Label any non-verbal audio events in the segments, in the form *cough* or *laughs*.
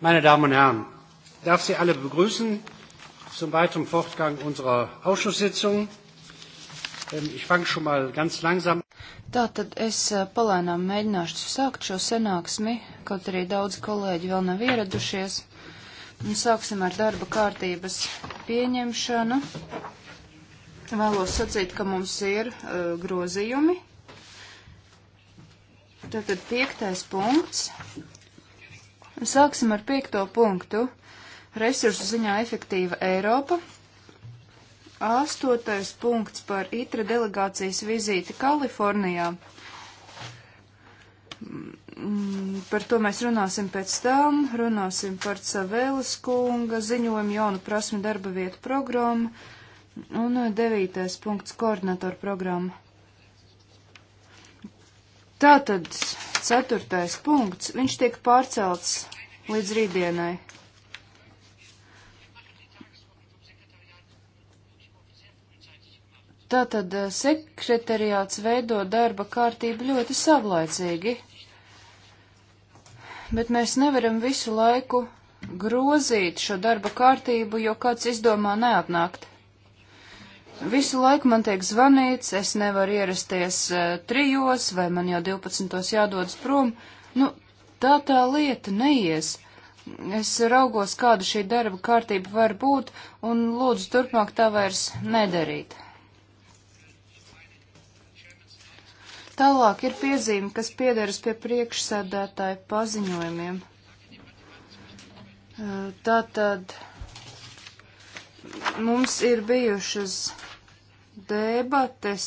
Meine Damen und Herren, ich darf Sie alle begrüßen zum weiteren Fortgang unserer Ausschusssitzung. Ähm, ich fange schon mal ganz langsam. Tātad es äh, palēnām mēģināšu sākt šo sanāksmi, kaut arī daudz kolēģi vēl nav ieradušies. Un sāksim ar darba kārtības pieņemšanu. Vēlos sacīt, ka mums ir uh, grozījumi. Tātad piektais punkts Sāksim ar piekto punktu. Resursu ziņā efektīva Eiropa. Astotais punkts par ITRA delegācijas vizīti Kalifornijā. Mm, par to mēs runāsim pēc tam. Runāsim par Cavēlas kunga ziņojumu jaunu prasmi darba vietu programmu. Un devītais punkts koordinatoru programmu. Tātad ceturtais punkts, viņš tiek pārcelts līdz rītdienai. Tātad eh, sekretariāts veido darba kārtību ļoti savlaicīgi, bet mēs nevaram visu laiku grozīt šo darba kārtību, jo kāds izdomā neatnākt. Visu laiku man tiek zvanīts, es nevaru ierasties uh, trijos, vai man jau 12. jādodas prom. Nu, tā tā lieta neies. Es raugos, kāda šī darba kārtība var būt, un lūdzu turpmāk tā vairs nedarīt. Tālāk ir piezīme, kas piederas pie priekšsēdētāja paziņojumiem. Uh, eh, Tātad. Tā mums ir bijušas debates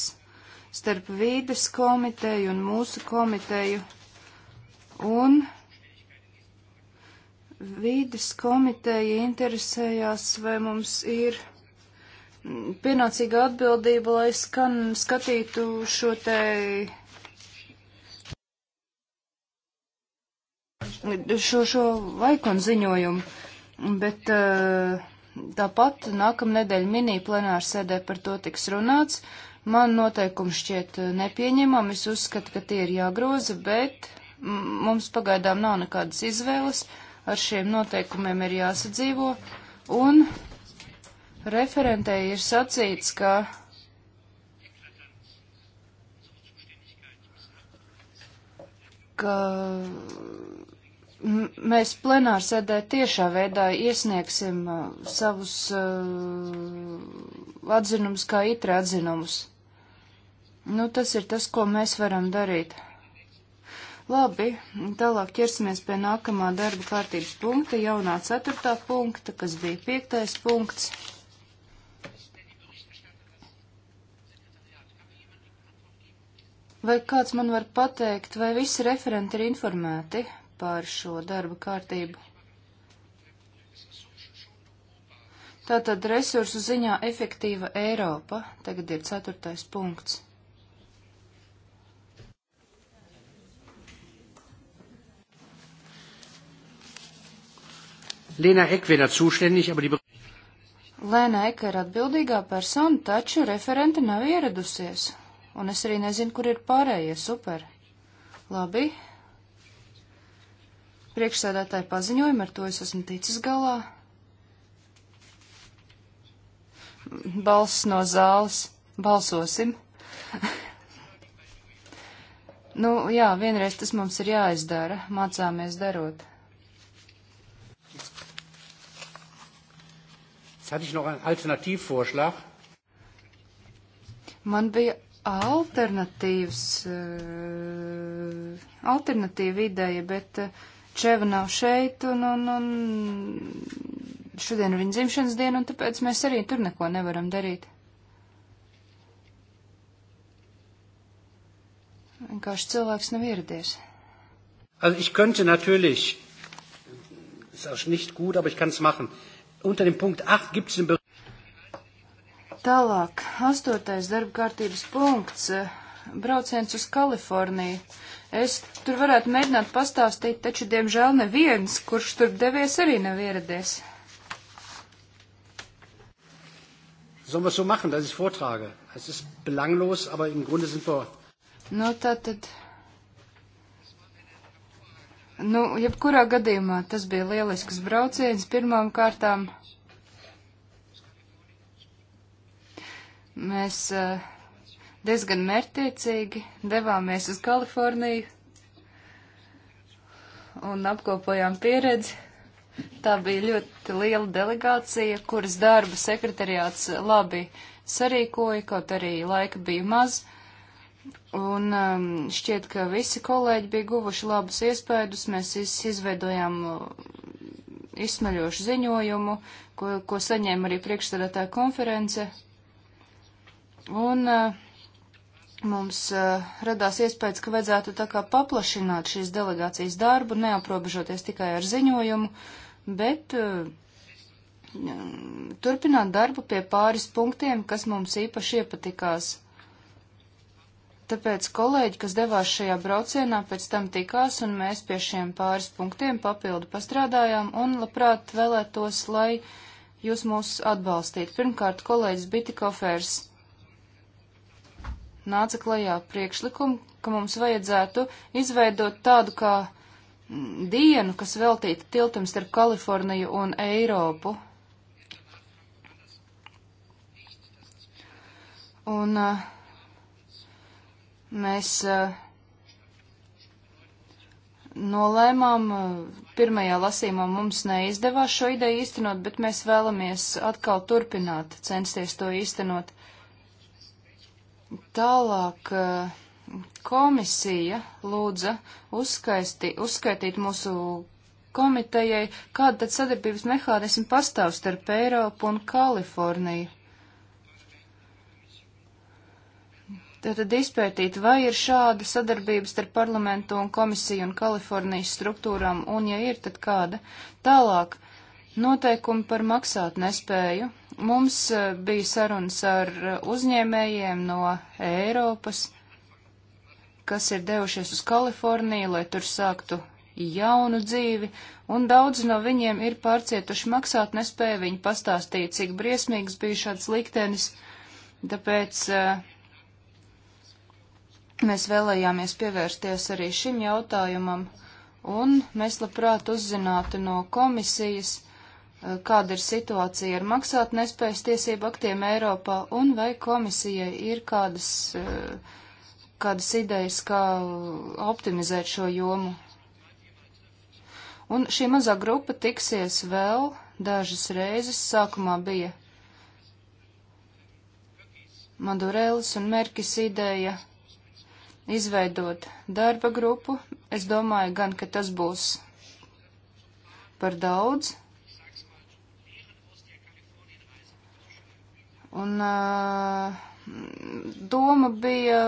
starp vīdes komiteju un mūsu komiteju, un vīdes komiteja interesējās, vai mums ir pienācīga atbildība, lai skan, skatītu šo te šo, šo laiku un ziņojumu, bet uh, Tāpat nākamnedēļ minī plenāra sēdē par to tiks runāts. Man noteikumi šķiet eh, nepieņemami, es uzskatu, ka tie ir jāgroza, bet mums pagaidām nav nekādas izvēles, ar šiem noteikumiem ir jāsadzīvo, un referentei ir sacīts, ka ka mēs plenārsēdē tiešā veidā iesniegsim uh, savus uh, atzinumus kā itra atzinumus. Nu, tas ir tas, ko mēs varam darīt. Labi, tālāk ķersimies pie nākamā darba kārtības punkta, jaunā ceturtā punkta, kas bija piektais punkts. Vai kāds man var pateikt, vai visi referenti ir informēti par šo darba kārtību. Tātad resursu ziņā efektīva Eiropa. Tagad ir ceturtais punkts. Lena Eck wäre da zuständig, aber die. Lēna Eka ir atbildīgā persona, taču referente nav ieradusies, un es arī nezinu, kur ir pārējie super. Labi, priekšsēdētāja paziņojumu, ar to es esmu ticis galā. Balss no zāles. Balsosim. *laughs* nu, jā, vienreiz tas mums ir jāizdara. Mācāmies darot. Man bija alternatīvs, eh, alternatīva ideja, bet uh, Čeva nav šeit, un, un, un šodien ir viņa dzimšanas diena, un tāpēc mēs arī tur neko nevaram darīt. Vienkārši cilvēks nav ieradies. Also ich könnte natürlich, ist auch nicht gut, aber ich kann es machen. Unter dem Punkt 8 gibt es einen Bericht. Tālāk, astotais darba kārtības punkts. Uh, brauciens uz Kaliforniju. Es tur varētu mēģināt pastāstīt, taču, diemžēl, neviens, kurš tur devies, arī nav ieradies. Sollen wir so machen, dass ich vortrage? Es ist belanglos, aber im Grunde sind wir. Nu, tātad. Nu, jebkurā gadījumā tas bija lielisks brauciens pirmām kārtām. Mēs uh, diezgan mērtiecīgi devāmies uz Kaliforniju un apkopojām pieredzi. Tā bija ļoti liela delegācija, kuras darba sekretariāts labi sarīkoja, kaut arī laika bija maz. Un um, šķiet, ka visi kolēģi bija guvuši labus iespējas. Mēs iz, izveidojām uh, izsmeļošu ziņojumu, ko, ko saņēma arī priekšstādātā konference. Un uh, mums uh, radās iespējas, ka vajadzētu tā kā paplašināt šīs delegācijas darbu, neaprobežoties tikai ar ziņojumu, bet uh, turpināt darbu pie pāris punktiem, kas mums īpaši iepatikās. Tāpēc kolēģi, kas devās šajā braucienā, pēc tam tikās, un mēs pie šiem pāris punktiem papildu pastrādājām, un labprāt vēlētos, lai jūs mūs atbalstītu. Pirmkārt, kolēģis Bitikofers nāca klajā priekšlikumu, ka mums vajadzētu izveidot tādu kā mm, dienu, kas veltīta tiltam starp Kaliforniju un Eiropu. Un uh, mēs uh, nolēmām, uh, pirmajā lasīmā mums neizdevās šo ideju īstenot, bet mēs vēlamies atkal turpināt censties to īstenot. Tālāk eh, komisija lūdza uzskaisti, uzskaitīt mūsu komitejai, kāda tad sadarbības mehānismi pastāv starp Eiropu un Kaliforniju. Tātad izpētīt, vai ir šāda sadarbības starp parlamentu un komisiju un Kalifornijas struktūrām, un ja ir, tad kāda. Tālāk, noteikumi par maksāt nespēju. Mums eh, bija sarunas ar eh, uzņēmējiem no Eiropas, kas ir devušies uz Kaliforniju, lai tur sāktu jaunu dzīvi, un daudzi no viņiem ir pārcietuši maksāt nespēju. Viņi pastāstīja, cik briesmīgs bija šāds liktenis, tāpēc uh, mēs vēlējāmies pievērsties arī šim jautājumam, un mēs labprāt uzzinātu no komisijas, kāda ir situācija ar maksāt nespējas tiesību aktiem Eiropā un vai komisijai ir kādas, eh, kādas idejas, kā optimizēt šo jomu. Un šī mazā grupa tiksies vēl dažas reizes. Sākumā bija Madurēlis un Merkis ideja izveidot darba grupu. Es domāju gan, ka tas būs par daudz, Un uh, doma bija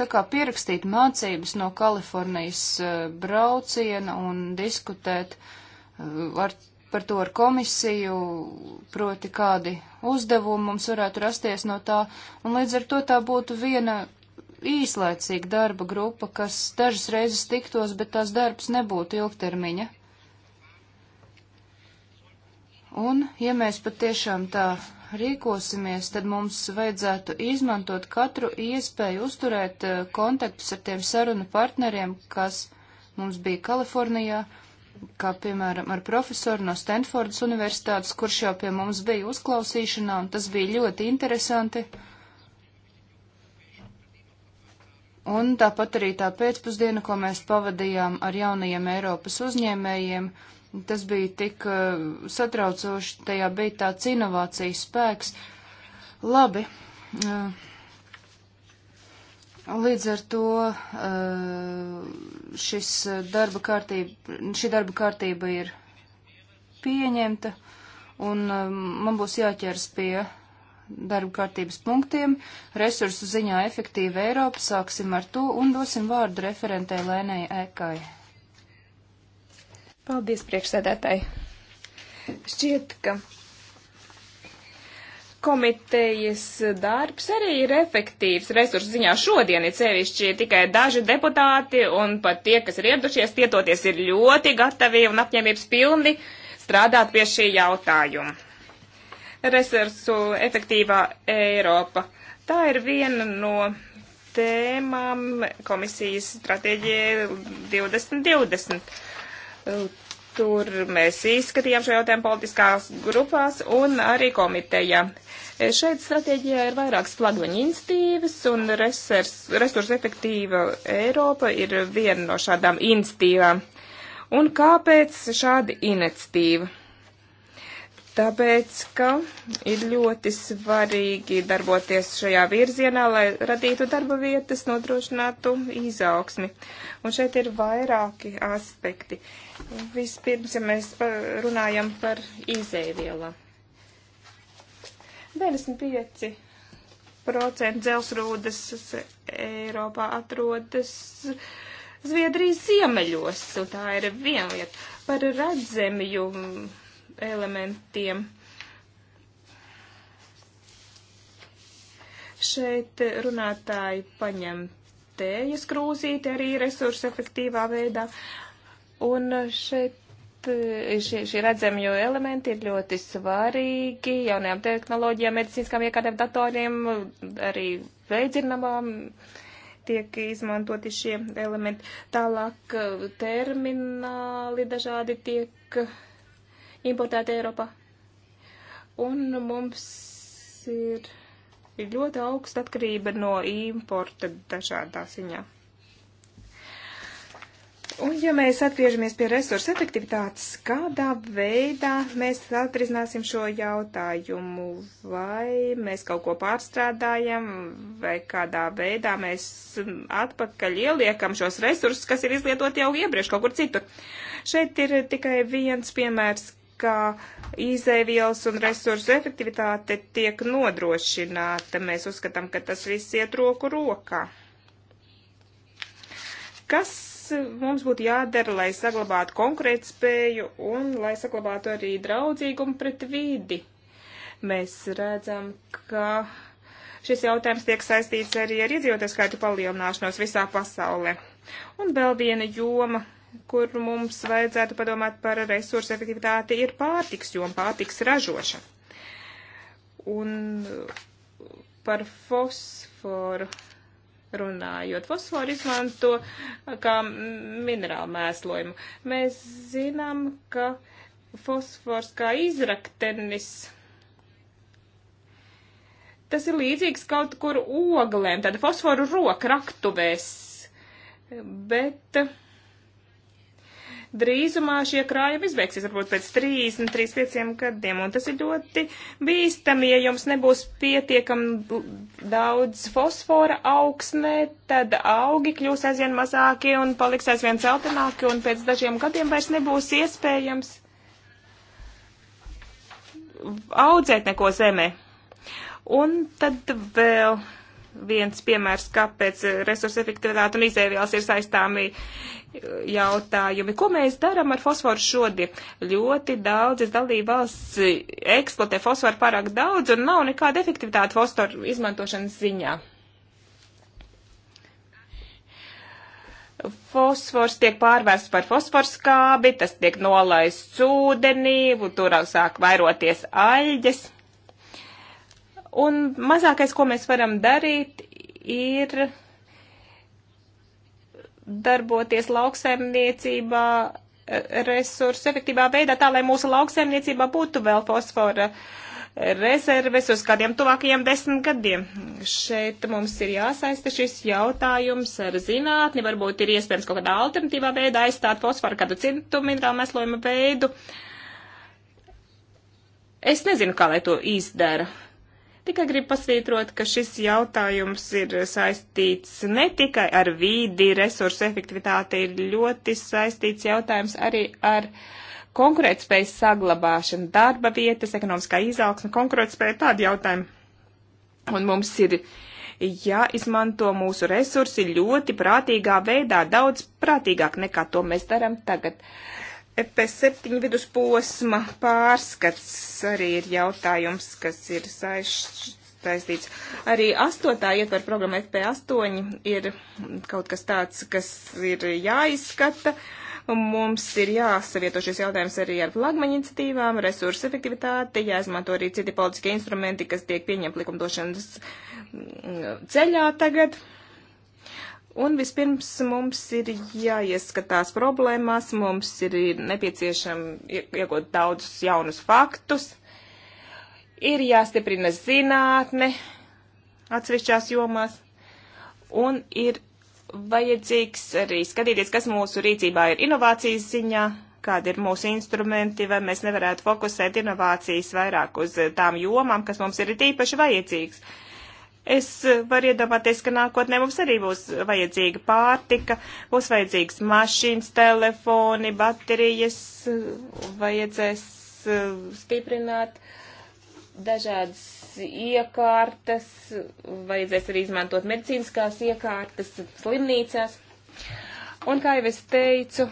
tā kā pierakstīt mācības no Kalifornijas uh, brauciena un diskutēt uh, ar, par to ar komisiju, proti kādi uzdevumi mums varētu rasties no tā. Un līdz ar to tā būtu viena īslaicīga darba grupa, kas dažas reizes tiktos, bet tās darbs nebūtu ilgtermiņa. Un, ja mēs patiešām tā rīkosimies, tad mums vajadzētu izmantot katru iespēju uzturēt eh, kontaktus ar tiem sarunu partneriem, kas mums bija Kalifornijā, kā piemēram ar profesoru no Stanfordas universitātes, kurš jau pie mums bija uzklausīšanā, un tas bija ļoti interesanti. Un tāpat arī tā pēcpusdiena, ko mēs pavadījām ar jaunajiem Eiropas uzņēmējiem, uh, Tas bija tik eh, satraucoši, tajā bija tāds inovācijas spēks. Labi. Eh, līdz ar to eh, šis darba kārtība, šī darba kārtība ir pieņemta, un man būs jāķers pie darba kārtības punktiem. Resursu ziņā efektīva Eiropa, sāksim ar to un dosim vārdu referentē Lēnai Ekai. Paldies, priekšsēdētāji. Šķiet, ka komitejas darbs arī ir efektīvs resursu ziņā. Šodien ir sevišķi tikai daži deputāti, un pat tie, kas ir ieradušies, tietoties ir ļoti gatavi un apņēmības pilni strādāt pie šī jautājuma. Resursu efektīvā Eiropa. Tā ir viena no tēmām komisijas stratēģija 2020 Tur mēs izskatījām šo jautājumu politiskās grupās un arī komitejā. Šeit stratēģijā ir vairākas flagmaņa institīvas, un resursu efektīva Eiropa ir viena no šādām institīvām. Un kāpēc šāda inicitīva? Tāpēc, ka ir ļoti svarīgi darboties šajā virzienā, lai radītu darba vietas, nodrošinātu izaugsmi. Un šeit ir vairāki aspekti. Vispirms, ja mēs runājam par izēvielām. 95% dzelsrūdas Eiropā atrodas Zviedrijas ziemeļos, un tā ir viena lieta. Par redzemju elementiem. Šeit runātāji paņem tējas krūzīti arī resursu efektīvā veidā. Un šeit eh, šie, šie redzamie elementi ir ļoti svarīgi jaunajām tehnoloģijām, medicīniskām iekārtām, datoriem, arī veidzinamām tiek izmantoti šie elementi. Tālāk eh, termināli dažādi tiek importēti Eiropā. Un mums ir, ir ļoti augsta atkarība no importa dažādā ziņā. Un, ja mēs atgriežamies pie resursu efektivitātes, kādā veidā mēs atrisināsim šo jautājumu? Vai mēs kaut ko pārstrādājam, vai kādā veidā mēs atpakaļ ieliekam šos resursus, kas ir izlietoti jau iepriekš kaut kur citur? Šeit ir tikai viens piemērs, kā izēvielas un resursu efektivitāte tiek nodrošināta. Mēs uzskatām, ka tas viss iet roku rokā. Kas mums būtu jādara, lai saglabātu konkurētspēju un lai saglabātu arī draudzīgumu pret vidi. Mēs redzam, ka šis jautājums tiek saistīts arī ar iedzīvotāju skaitu palielināšanos visā pasaulē. Un vēl viena joma, kur mums vajadzētu padomāt par resursu efektivitāti, ir pārtiks joma, pārtiks ražošana. Un par fosforu runājot. Fosforu izmanto kā minerālu mēslojumu. Mēs zinām, ka fosfors kā izraktenis. Tas ir līdzīgs kaut kur oglēm, tāda fosforu roka raktuvēs, bet uh, drīzumā šie krājumi izbeigsies, varbūt pēc 30, 35 gadiem, un tas ir ļoti bīstami, ja jums nebūs pietiekami daudz fosfora augsnē, tad augi kļūs aizvien mazāki un paliks aizvien celtenāki, un pēc dažiem gadiem vairs nebūs iespējams audzēt neko zemē. Un tad vēl viens piemērs, kāpēc resursu efektivitāte un izēvielas ir saistāmi jautājumi. Ko mēs darām ar fosforu šodien? Ļoti daudzas dalībvalsts eksploatē fosforu pārāk daudz un nav nekāda efektivitāte fosforu izmantošanas ziņā. Fosfors tiek pārvērsts par fosforskābi, tas tiek nolaists ūdenī, tur sāk vairoties aļģes. Un mazākais, ko mēs varam darīt, ir darboties lauksaimniecībā eh, resursu efektīvā veidā, tā lai mūsu lauksaimniecībā būtu vēl fosfora rezerves uz kādiem tuvākajiem desmit gadiem. Šeit mums ir jāsaista šis jautājums ar zinātni, varbūt ir iespējams kaut kādā alternatīvā veidā aizstāt fosforu kādu citu minerālu mēslojuma veidu. Es nezinu, kā lai to izdara. Tikai gribu pasvītrot, ka šis jautājums ir saistīts ne tikai ar vīdi, resursu efektivitāti, ir ļoti saistīts jautājums arī ar konkurētspējas saglabāšanu, darba vietas, ekonomiskā izaugsme, konkurētspēja, tādi jautājumi. Un mums ir jāizmanto ja mūsu resursi ļoti prātīgā veidā, daudz prātīgāk nekā to mēs darām tagad. Uh, EP7 vidusposma pārskats arī ir jautājums, kas ir saistīts. Arī astotā ietver programma FP8 ir kaut kas tāds, kas ir jāizskata. Mums ir jāsavieto šis jautājums arī ar flagmaņa iniciatīvām, resursu efektivitāti, jāizmanto arī citi politiskie instrumenti, kas tiek pieņemti likumdošanas mm, ceļā tagad. Uh, Un vispirms mums ir jāieskatās problēmās, mums ir nepieciešami iegūt daudzus jaunus faktus, ir jāstiprina zinātne atsevišķās jomās, un ir vajadzīgs arī skatīties, kas mūsu rīcībā ir inovācijas ziņā, kādi ir mūsu instrumenti, vai mēs nevarētu fokusēt inovācijas vairāk uz tām jomām, kas mums ir tīpaši vajadzīgs. Uh, Es eh, varu iedomāties, ka nākotnē mums arī būs vajadzīga pārtika, būs vajadzīgs mašīnas, telefoni, baterijas, eh, vajadzēs eh, stiprināt dažādas iekārtas, vajadzēs arī izmantot medicīniskās iekārtas slimnīcās. Un kā jau es teicu,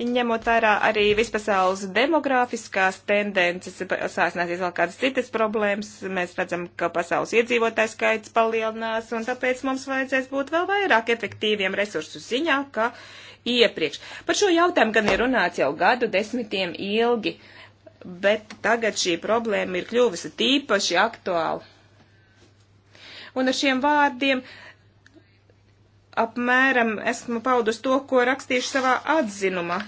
ņemot vērā arī vispasaules demogrāfiskās tendences, sāsnāsies vēl kādas citas problēmas, mēs redzam, ka pasaules iedzīvotājs skaits palielinās, un tāpēc mums vajadzēs būt vēl vairāk efektīviem resursu ziņā, kā iepriekš. Par šo jautājumu gan ir runāts jau gadu desmitiem ilgi, bet tagad šī problēma ir kļuvusi tīpaši aktuāla. Un ar šiem vārdiem uh, apmēram esmu paudus to, ko rakstīšu savā atzinumā.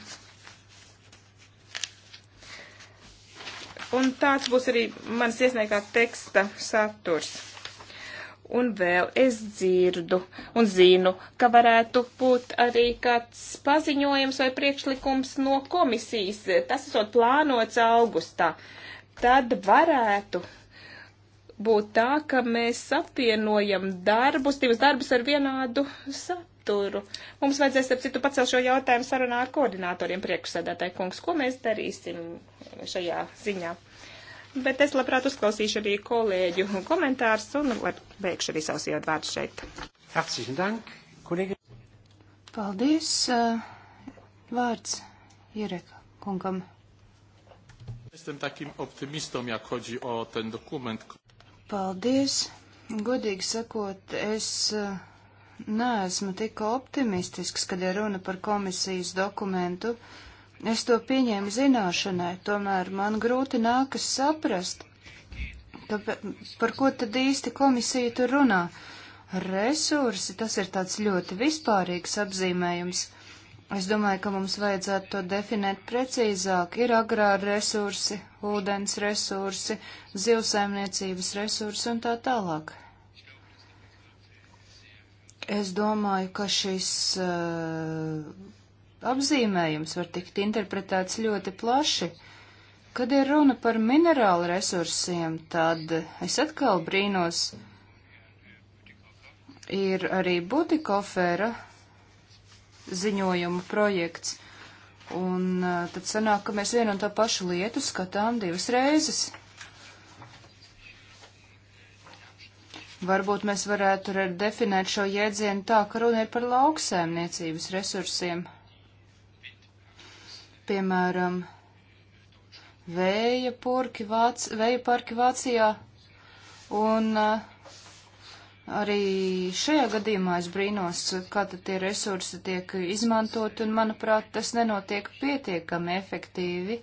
Un tāds būs arī manas iesniegtā teksta saturs. Un vēl es dzirdu un zinu, ka varētu būt arī kāds paziņojums vai priekšlikums no komisijas. Tas esot plānots augustā. Tad varētu būt tā, ka mēs apvienojam darbus, divus darbus ar vienādu saturu. Mums vajadzēs, ap citu, pacelt šo jautājumu sarunā ar koordinātoriem priekšsēdētāji kungs, ko mēs darīsim šajā ziņā. Bet es labprāt uzklausīšu arī kolēģu komentārus un beigšu arī savus ievadvārdus šeit. Herzlichen Dank, kolēģi. Paldies. Eh, vārds Jereka kungam. Jestem takim optymistą, jak chodzi o ten dokument. Paldies! Godīgi sakot, es eh, neesmu tik optimistisks, kad ir runa par komisijas dokumentu. Es to pieņēmu zināšanai, tomēr man grūti nākas saprast, ka, par ko tad īsti komisija tur runā. Resursi, tas ir tāds ļoti vispārīgs apzīmējums. Es domāju, ka mums vajadzētu to definēt precīzāk. Ir agrāri resursi, ūdens resursi, zivsaimniecības resursi un tā tālāk. Es domāju, ka šis uh, apzīmējums var tikt interpretēts ļoti plaši. Kad ir runa par minerālu resursiem, tad es atkal brīnos. Ir arī butikofēra ziņojumu projekts. Un tad sanāk, ka mēs vienu un tā pašu lietu skatām divas reizes. Varbūt mēs varētu arī definēt šo jēdzienu tā, ka runa ir par lauksēmniecības resursiem. Piemēram, vēja, purki, vāc, vēja parki Vācijā un uh, Arī šajā gadījumā es brīnos, kā tad tie resursi tiek izmantot, un manuprāt, tas nenotiek pietiekami efektīvi.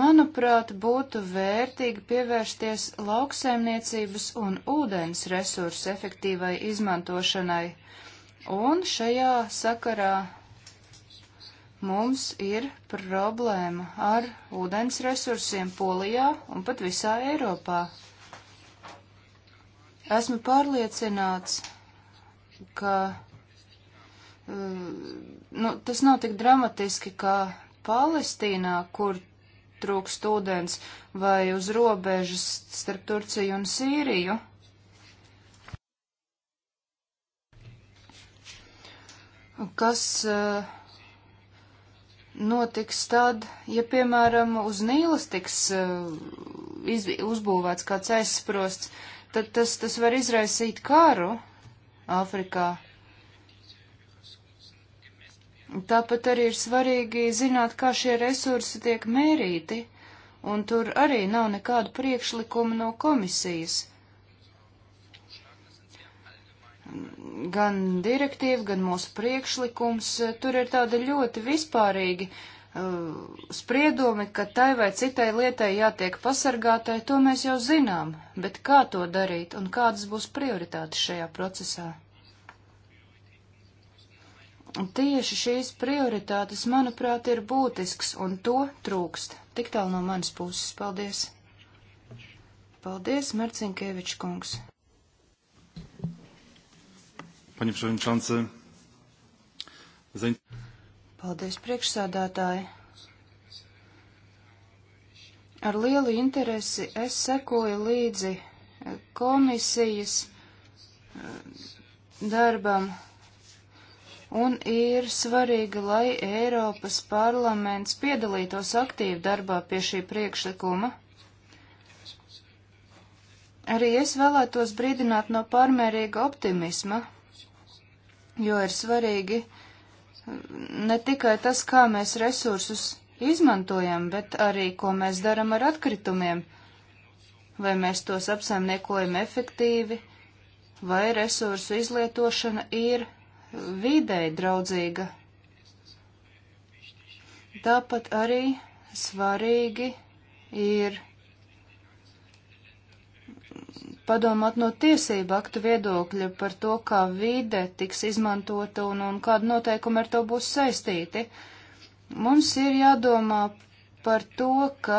Manuprāt, būtu vērtīgi pievērsties lauksaimniecības un ūdens resursu efektīvai izmantošanai, un šajā sakarā mums ir problēma ar ūdens resursiem Polijā un pat visā Eiropā. Esmu pārliecināts, ka uh, nu, tas nav tik dramatiski kā Palestīnā, kur trūkst ūdens, vai uz robežas starp Turciju un Sīriju. Kas uh, notiks tad, ja, piemēram, uz Nīlas tiks uh, iz, uzbūvēts kāds aizsprosts? tad tas, tas var izraisīt karu Āfrikā. Tāpat arī ir svarīgi zināt, kā šie resursi tiek mērīti, un tur arī nav nekādu priekšlikumu no komisijas. Gan direktīva, gan mūsu priekšlikums, eh, tur ir tāda ļoti vispārīgi Uh, spriedumi, ka tai vai citai lietai jātiek pasargātai, to mēs jau zinām, bet kā to darīt un kādas būs prioritātes šajā procesā? Un tieši šīs prioritātes, manuprāt, ir būtisks, un to trūkst. Tik tālu no manas puses. Paldies! Paldies, Marcinkievičs kungs! Panie Przewodniczący, zain... Paldies, priekšsādātāji! Ar lielu interesi es sekoju līdzi komisijas eh, darbam, un ir svarīgi, lai Eiropas parlaments piedalītos aktīvi darbā pie šī priekšlikuma. Arī es vēlētos brīdināt no pārmērīga optimisma, jo ir svarīgi, uh, ne tikai tas, kā mēs resursus izmantojam, bet arī, ko mēs daram ar atkritumiem, vai mēs tos apsaimniekojam efektīvi, vai resursu izlietošana ir videi draudzīga. Tāpat arī svarīgi ir padomāt no tiesību aktu viedokļa par to, kā vide tiks izmantota un, un kāda noteikuma ar to būs saistīti. Mums ir jādomā par to, ka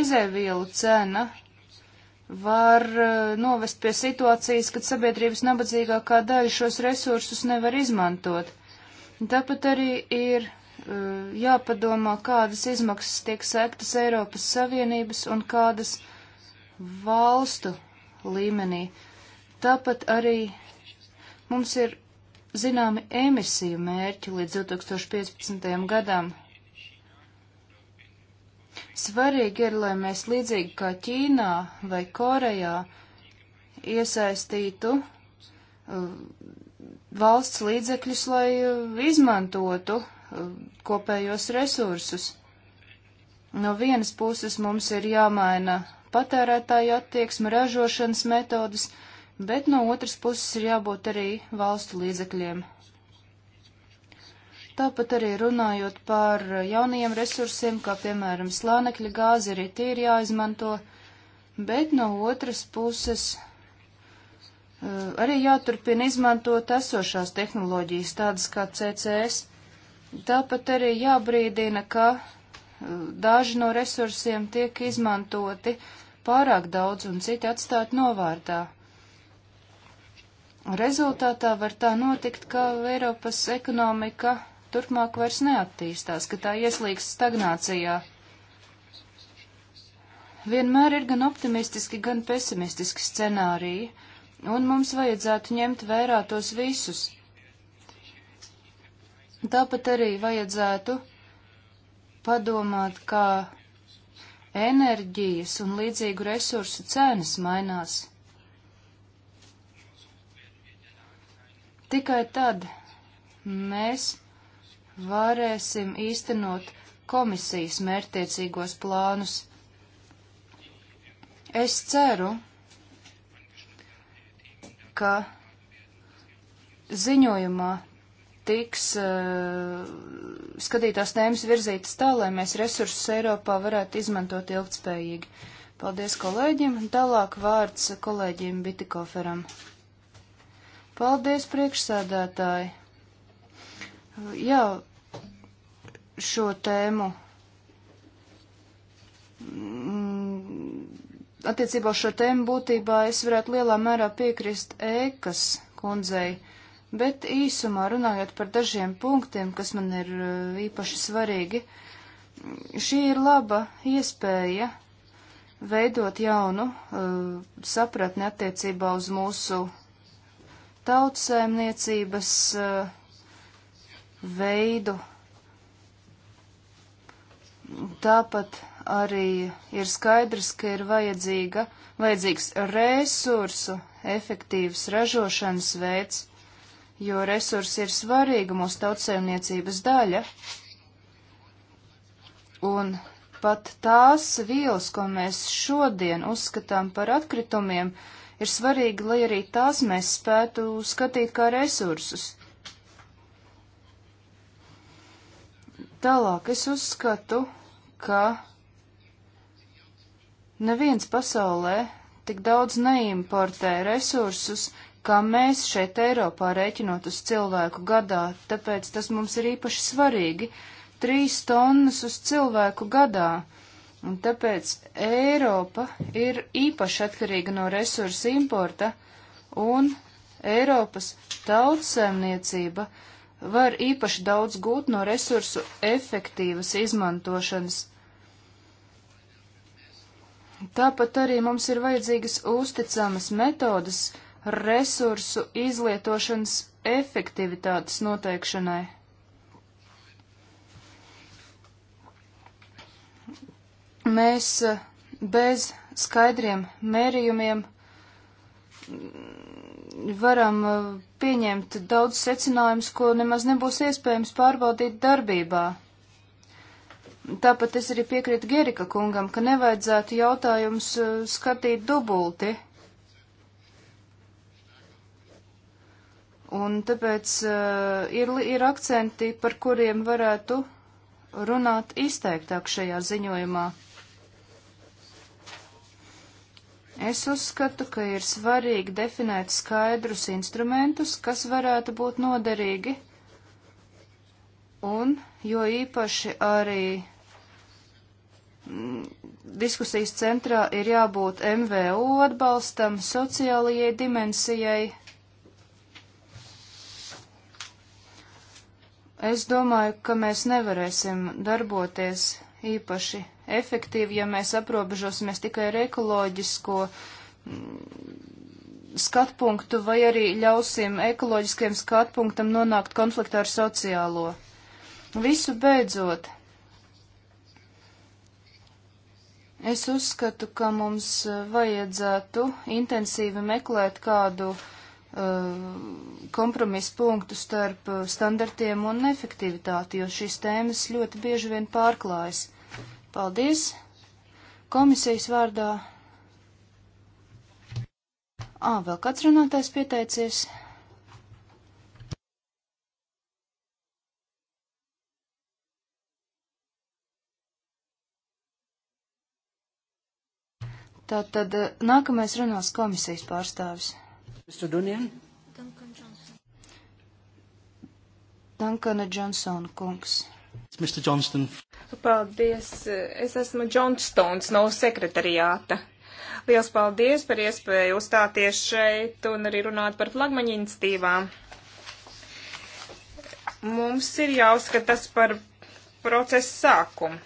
izēvielu cena var eh, novest pie situācijas, kad sabiedrības nabadzīgākā daļa šos resursus nevar izmantot. Tāpat arī ir eh, jāpadomā, kādas izmaksas tiek sektas Eiropas Savienības un kādas uh, valstu līmenī. Tāpat arī mums ir zināmi emisiju mērķi līdz 2015. gadam. Svarīgi ir, lai mēs līdzīgi kā Ķīnā vai Korejā iesaistītu uh, valsts līdzekļus, lai uh, izmantotu uh, kopējos resursus. No vienas puses mums ir jāmaina patērētāju attieksmi, ražošanas metodas, bet no otras puses ir jābūt arī valstu līdzekļiem. Tāpat arī runājot par jaunajiem resursiem, kā piemēram slānekļa gāzi, arī tie ir jāizmanto, bet no otras puses eh, arī jāturpina izmantot esošās tehnoloģijas, tādas kā CCS. Tāpat arī jābrīdina, ka daži no resursiem tiek izmantoti pārāk daudz un citi atstāt novārtā. Rezultātā var tā notikt, ka Eiropas ekonomika turpmāk vairs neattīstās, ka tā ieslīgs stagnācijā. Vienmēr ir gan optimistiski, gan pesimistiski scenāriji, un mums vajadzētu ņemt vērā tos visus. Tāpat arī vajadzētu padomāt, kā enerģijas un līdzīgu resursu cenas mainās. Tikai tad mēs varēsim īstenot komisijas mērtiecīgos plānus. Es ceru, ka ziņojumā tiks uh, skatītās tēmas virzītas tā, lai mēs resursus Eiropā varētu izmantot ilgtspējīgi. Paldies kolēģim. Tālāk vārds kolēģim Bitikoferam. Paldies priekšsēdētāji. Jā, šo tēmu. Mm, attiecībā uz šo tēmu būtībā es varētu lielā mērā piekrist ēkas kundzei bet īsumā runājot par dažiem punktiem, kas man ir e, īpaši svarīgi, šī ir laba iespēja veidot jaunu uh, sapratni attiecībā uz mūsu tautsēmniecības uh, veidu. Tāpat arī ir skaidrs, ka ir vajadzīga, vajadzīgs resursu efektīvs ražošanas veids, jo resursi ir svarīga mūsu tautsēmniecības daļa. Un pat tās vielas, ko mēs šodien uzskatām par atkritumiem, ir svarīgi, lai arī tās mēs spētu skatīt kā resursus. Tālāk es uzskatu, ka neviens pasaulē tik daudz neimportē resursus, kā mēs šeit Eiropā rēķinot uz cilvēku gadā, tāpēc tas mums ir īpaši svarīgi - trīs tonnas uz cilvēku gadā. Un tāpēc Eiropa ir īpaši atkarīga no resursu importa, un Eiropas tautsēmniecība var īpaši daudz gūt no resursu efektīvas izmantošanas. Tāpat arī mums ir vajadzīgas uzticamas metodas, resursu izlietošanas efektivitātes noteikšanai. Mēs eh, bez skaidriem mērījumiem varam eh, pieņemt daudz secinājumus, ko nemaz nebūs iespējams pārbaudīt darbībā. Tāpat es arī piekrītu Gerika kungam, ka nevajadzētu jautājumus eh, skatīt dubulti. Un tāpēc uh, ir, ir akcenti, par kuriem varētu runāt izteiktāk šajā ziņojumā. Es uzskatu, ka ir svarīgi definēt skaidrus instrumentus, kas varētu būt noderīgi, un jo īpaši arī mm, diskusijas centrā ir jābūt MVU atbalstam, sociālajai dimensijai Es domāju, ka mēs nevarēsim darboties īpaši efektīvi, ja mēs aprobežosimies tikai ar ekoloģisko mm, skatpunktu vai arī ļausim ekoloģiskiem skatpunktam nonākt konfliktā ar sociālo. Visu beidzot, es uzskatu, ka mums vajadzētu intensīvi meklēt kādu uh, Uh, kompromisu punktu starp uh, standartiem un efektivitāti, jo šīs tēmas ļoti bieži vien pārklājas. Paldies! Komisijas vārdā. Ā, vēl kāds runātājs pieteicies. Tātad uh, nākamais runās komisijas pārstāvis. Mr. Dunjan? Duncan Johnson. Duncana Johnsona kungs. Mr. Johnston. Paldies. Es esmu Johnstons no sekretariāta. Liels paldies par iespēju uzstāties šeit un arī runāt par flagmaņu institīvām. Mums ir jāuzskatās par procesa sākumu.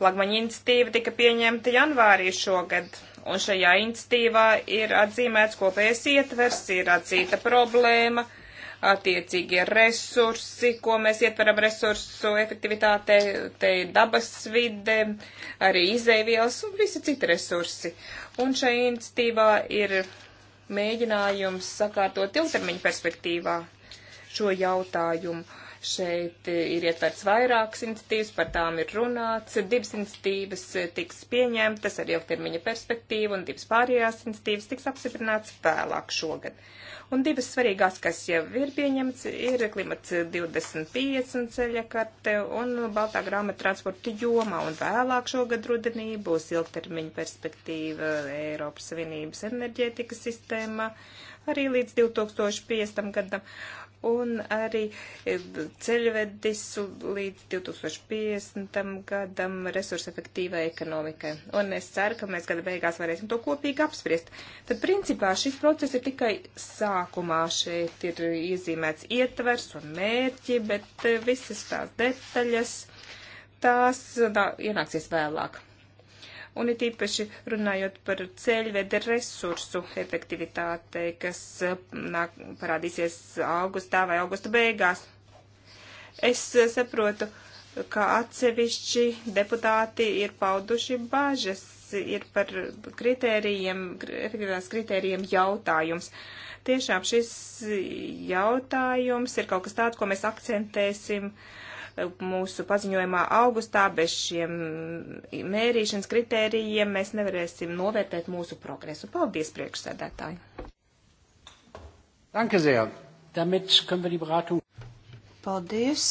Flagmaņa institīva tika pieņemta janvārī šogad, Un šajā institīvā ir atzīmēts kopējais ietvers, ir atzīta problēma, attiecīgie resursi, ko mēs ietveram resursu efektivitāte, te ir dabas vide, arī izēvielas un visi citi resursi. Un šajā institīvā ir mēģinājums sakārtot ilgtermiņa perspektīvā šo jautājumu. Šeit eh, ir ietverts vairākas iniciatīvas, par tām ir runāts. Divas iniciatīvas eh, tiks pieņemtas ar ilgtermiņa perspektīvu, un divas pārējās iniciatīvas tiks apstiprināts vēlāk šogad. Un divas svarīgās, kas jau ir pieņemts, ir klimats 25 ceļa karte un baltā grāmata transporta jomā, un vēlāk šogad rudenī būs ilgtermiņa perspektīva Eiropas Savienības enerģētikas sistēmā arī līdz 2005. gadam un arī eh, ceļvedis līdz 2050. gadam resursefektīvai ekonomikai. Un es ceru, ka mēs gada beigās varēsim to kopīgi apspriest. Tad principā šis process ir tikai sākumā. Šeit ir iezīmēts ietvers un mērķi, bet eh, visas tās detaļas, tās nā, ienāksies vēlāk. Un ir īpaši runājot par ceļvedi resursu efektivitātei, kas eh, nāk, parādīsies augustā vai augusta beigās. Es eh, saprotu, ka atsevišķi deputāti ir pauduši bāžas, ir par kritērijiem, efektivitātes kritērijiem jautājums. Tiešām šis jautājums ir kaut kas tāds, ko mēs akcentēsim eh, mūsu paziņojumā augustā. Bez šiem mērīšanas kritērijiem mēs nevarēsim novērtēt mūsu progresu. Paldies, priekšsēdētāji! Danke sehr. Damit können wir die Beratung paldies.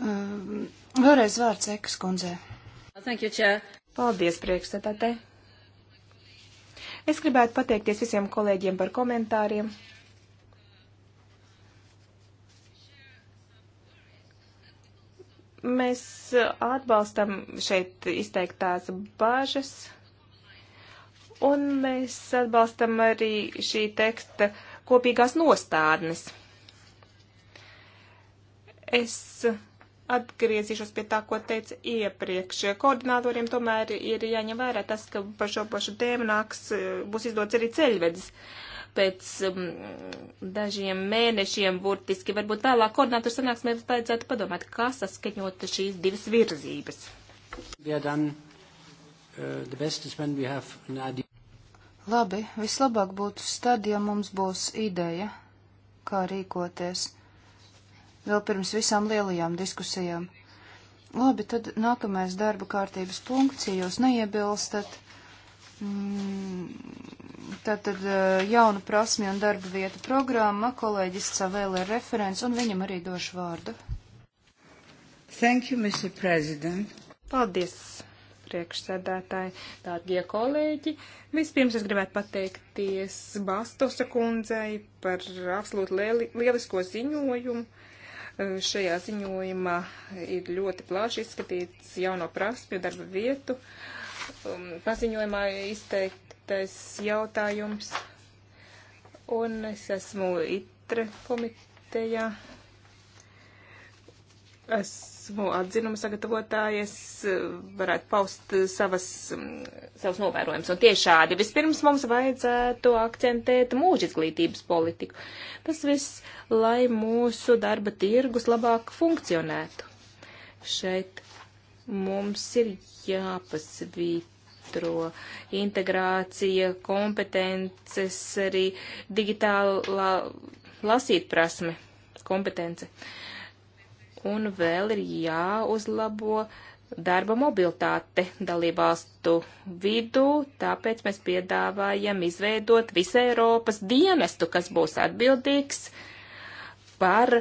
Um, vēlreiz vārds Ekas kundzē. Paldies, priekšstādātē. Es gribētu pateikties visiem kolēģiem par komentāriem. Mēs atbalstam šeit izteiktās bāžas, un mēs atbalstam arī šī teksta kopīgās nostādnes. Es atgriezīšos pie tā, ko teicu iepriekš. Koordinātoriem tomēr ir jāņem vērā tas, ka par šo pašu tēmu nāks, e, būs izdots arī ceļvedis. Pēc um, dažiem mēnešiem, burtiski varbūt vēlāk koordinātoru sanāksmē vajadzētu padomāt, kā saskaņot šīs divas virzības. Uh, Labi, vislabāk būtu tad, ja mums būs ideja, kā rīkoties vēl pirms visām lielajām diskusijām. Labi, tad nākamais darba kārtības punkts, ja jūs neiebilstat, mm, tad, tad eh, jauna prasme un darba vieta programma, kolēģis Cavēlē referents, un viņam arī došu vārdu. Thank you, Mr. President. Paldies, priekšsēdētāji, tādie kolēģi. Vispirms es gribētu pateikties Bastosa kundzei par absolūti lielisko ziņojumu Šajā ziņojumā ir ļoti plaši izskatīts jauno prasmju darba vietu. Um, paziņojumā izteiktais jautājums. Un es esmu ITRE komitejā. Es esmu atzinuma sagatavotājies, varētu paust eh, savas, mm, savus novērojumus. Un tieši šādi vispirms mums vajadzētu akcentēt mūža izglītības politiku. Tas viss, lai mūsu darba tirgus labāk funkcionētu. Šeit mums ir jāpasvīt metro, integrācija, kompetences, arī digitāla lasīt prasme, kompetence. Uh, un vēl ir jāuzlabo darba mobilitāte dalībvalstu vidū, tāpēc mēs piedāvājam izveidot visu Eiropas dienestu, kas būs atbildīgs par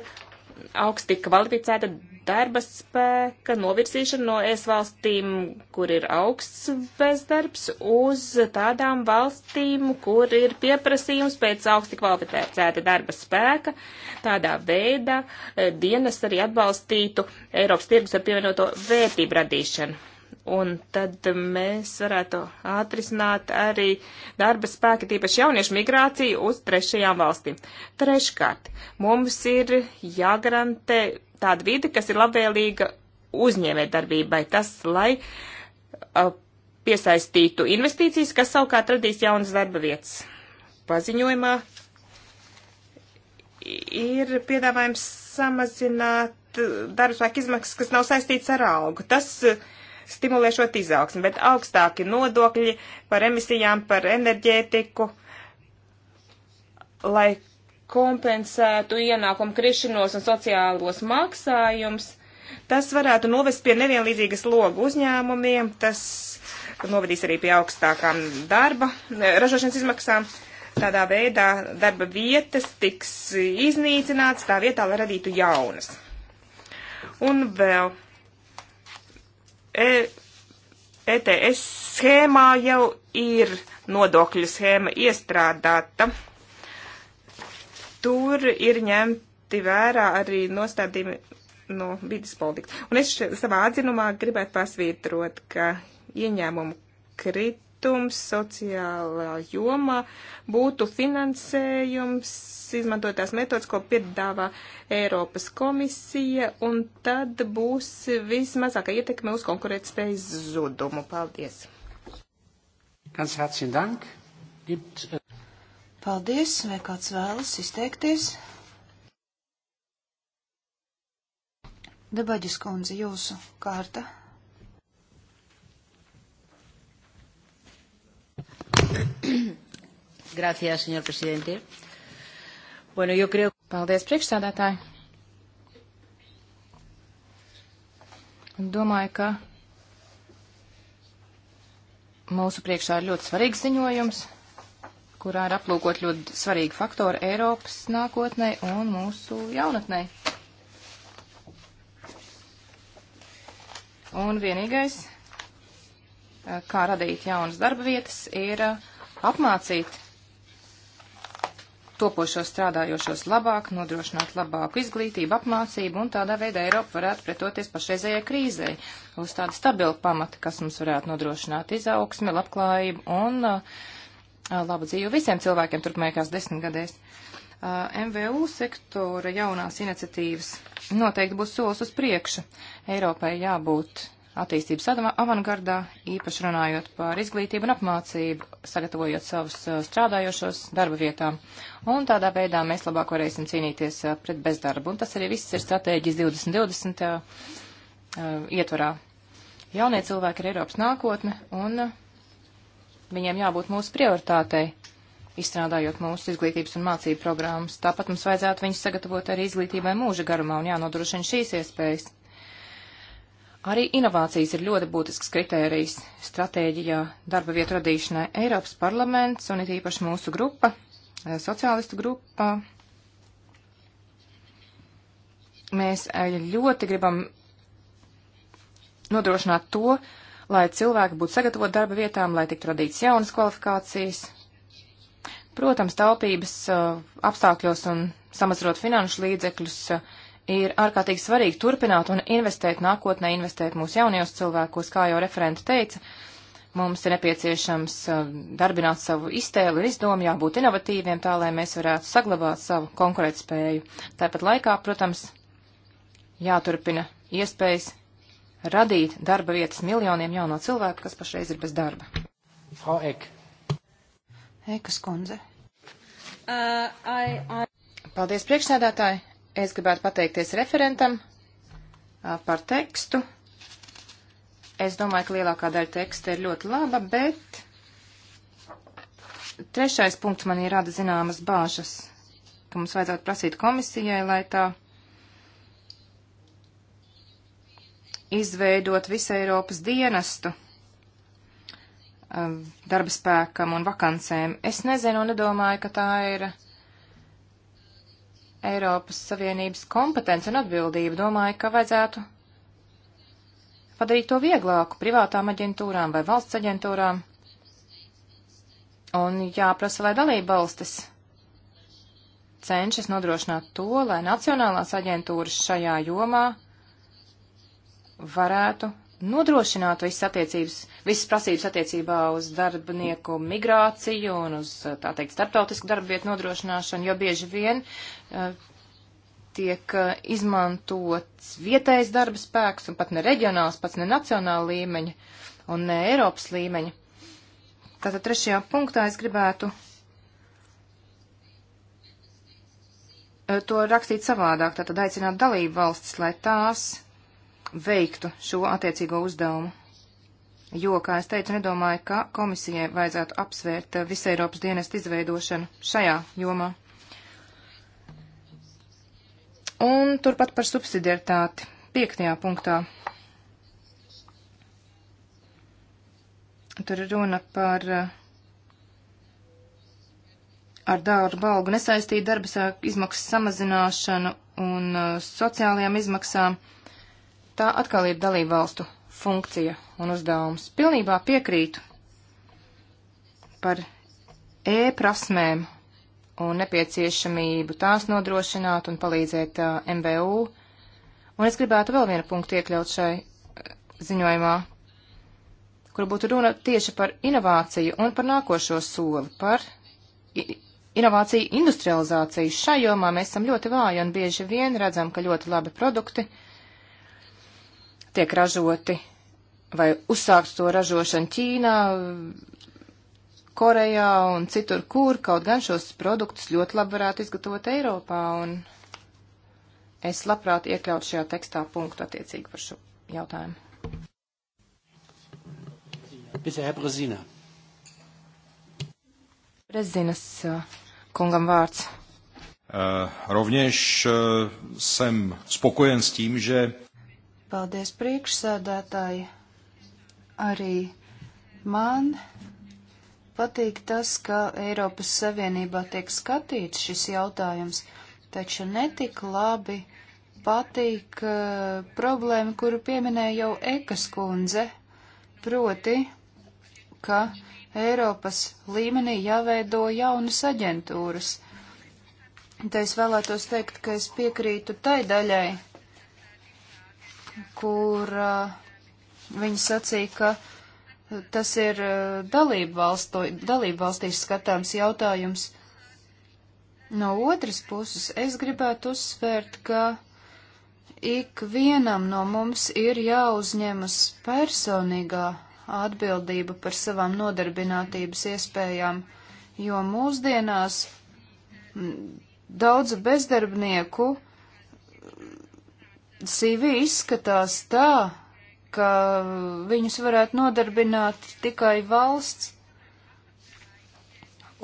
augsti kvalificēta darba spēka novirzīšana no es valstīm, kur ir augsts bezdarbs, uz tādām valstīm, kur ir pieprasījums pēc augsti kvalificēta darba spēka. Tādā veidā eh, dienas arī atbalstītu Eiropas tirgus ar pievienoto vērtību radīšanu. Un tad mēs varētu atrisināt arī darba spēka, tīpaši jauniešu migrāciju uz trešajām valstīm. Treškārt, mums ir jāgarantē tāda vide, kas ir labvēlīga uzņēmē darbībai. Tas, lai a, piesaistītu investīcijas, kas savukārt radīs jaunas darba vietas. Paziņojumā ir piedāvājums samazināt darbspēka izmaksas, kas nav saistīts ar algu. Tas stimulēšot izaugsmi, bet augstāki nodokļi par emisijām, par enerģētiku, lai kompensētu ienākumu krišanos un sociālos maksājumus, tas varētu novest pie nevienlīdzīgas logu uzņēmumiem, tas novedīs arī pie augstākām darba eh, ražošanas izmaksām. Tādā veidā darba vietas tiks iznīcināts tā vietā, lai radītu jaunas. Un vēl e, ETS schēmā jau ir nodokļu schēma iestrādāta. Tur ir ņemti vērā arī nostādījumi no vidas politikas. Un es še, savā atzinumā gribētu pasvītrot, ka ieņēmumu krit izpratums sociālā jomā būtu finansējums, izmantotās metodas, ko piedāvā Eiropas komisija, un tad būs vismazākā ietekme uz konkurētspējas zudumu. Paldies! Ganz herzlichen Dank. Gibt, uh... Paldies, vai kāds vēlas izteikties? Debaģis kundze, jūsu kārta. Gracias, señor presidente. Bueno, yo creo... Paldies, priekšsādātāji. Domāju, ka mūsu priekšā ir ļoti svarīgs ziņojums, kurā ir aplūkot ļoti svarīgi faktori Eiropas nākotnē un mūsu jaunatnē. Un vienīgais, Eh, kā radīt jaunas darba vietas, ir eh, apmācīt topošos strādājošos labāk, nodrošināt labāku izglītību, apmācību, un tādā veidā Eiropa varētu pretoties pašreizējai krīzei uz tādu stabilu pamatu, kas mums varētu nodrošināt izaugsmi, labklājību un uh, labu dzīvi visiem cilvēkiem turpmākās desmitgadēs. Uh, MVU sektora jaunās iniciatīvas noteikti būs solis uz priekšu. Eiropai jābūt attīstības avangardā, īpaši runājot par izglītību un apmācību, sagatavojot savus uh, strādājošos darba vietām. Un tādā veidā mēs labāk varēsim cīnīties uh, pret bezdarbu. Un tas arī viss ir stratēģijas 2020 uh, uh, ietvarā. Jaunie cilvēki ir Eiropas nākotne, un viņiem jābūt mūsu prioritātei, izstrādājot mūsu izglītības un mācību programmas. Tāpat mums vajadzētu viņus sagatavot arī izglītībai mūža garumā un jānodrošina šīs iespējas. Arī inovācijas ir ļoti būtisks kritērijs stratēģijā darba vietu radīšanai. Eiropas parlaments un it īpaši mūsu grupa, eh, sociālistu grupa, mēs eh, ļoti gribam nodrošināt to, lai cilvēki būtu sagatavoti darba vietām, lai tiktu radīts jaunas kvalifikācijas. Protams, taupības eh, apstākļos un samazrot finanšu līdzekļus ir ārkārtīgi svarīgi turpināt un investēt nākotnē, investēt mūsu jaunajos cilvēkos, kā jau referenta teica. Mums ir nepieciešams eh, darbināt savu iztēli un izdomu, jābūt inovatīviem tā, lai mēs varētu saglabāt savu konkurētspēju. Tāpat laikā, protams, jāturpina iespējas radīt darba vietas miljoniem jauno cilvēku, kas pašreiz ir bez darba. Frau Ek. Ekas kundze. Uh, I, I... Paldies, priekšsēdētāji! Es gribētu pateikties referentam par tekstu. Es domāju, ka lielākā daļa teksta ir ļoti laba, bet trešais punkts man ir rada zināmas bāžas, ka mums vajadzētu prasīt komisijai, lai tā izveidot visu Eiropas dienestu darba spēkam un vakancēm. Es nezinu un nedomāju, ka tā ir Eiropas Savienības kompetenci un atbildību, domāju, ka vajadzētu padarīt to vieglāku privātām aģentūrām vai valsts aģentūrām. Un jāprasa, lai dalība valstis cenšas nodrošināt to, lai nacionālās aģentūras šajā jomā varētu nodrošinātu visas attiecības, visas prasības attiecībā uz darbinieku migrāciju un uz, tā teikt, starptautisku darbvietu nodrošināšanu, jo bieži vien uh, tiek eh, izmantots vietējs darba spēks un pat ne reģionāls, pats ne nacionāla līmeņa un ne Eiropas līmeņa. Tātad trešajā punktā es gribētu eh, to rakstīt savādāk, tātad aicināt dalību valstis, lai tās veiktu šo attiecīgo uzdevumu. Jo, kā es teicu, nedomāju, ka komisijai vajadzētu apsvērt visu Eiropas dienestu izveidošanu šajā jomā. Un turpat par subsidiaritāti. Piektajā punktā. Tur ir runa par eh, ar darbu algu nesaistītu darba izmaksu samazināšanu un eh, sociālajām izmaksām. Uh, tā atkal ir dalību valstu funkcija un uzdevums. Pilnībā piekrītu par e-prasmēm un nepieciešamību tās nodrošināt un palīdzēt uh, MBU. Un es gribētu vēl vienu punktu iekļaut šai uh, ziņojumā, kur būtu runa tieši par inovāciju un par nākošo soli, par inovāciju industrializāciju. Šai jomā mēs esam ļoti vāji un bieži vien redzam, ka ļoti labi produkti uh, tiek ražoti vai uzsākt to ražošanu Ķīnā, Korejā un citur, kur kaut gan šos produktus ļoti labi varētu izgatavot Eiropā, un es labprāt iekļautu šajā tekstā punktu attiecīgi par šo jautājumu. Bitte, Herr Brezina. Brezinas uh, kungam vārds. Uh, rovněž uh, jsem spokojen s tím, že Paldies priekšsēdētāji. Arī man patīk tas, ka Eiropas Savienībā tiek skatīts šis jautājums, taču netik labi patīk uh, problēma, kuru pieminēja jau Ekas kundze, proti, ka Eiropas līmenī jāveido jaunas aģentūras. Te es vēlētos teikt, ka es piekrītu tai daļai kur uh, viņi sacīja, ka tas ir uh, dalību, valsto, dalību valstīs skatāms jautājums. No otras puses, es gribētu uzsvērt, ka ik vienam no mums ir jāuzņemas personīgā atbildība par savām nodarbinātības iespējām, jo mūsdienās daudzu bezdarbnieku CV izskatās tā, ka viņus varētu nodarbināt tikai valsts,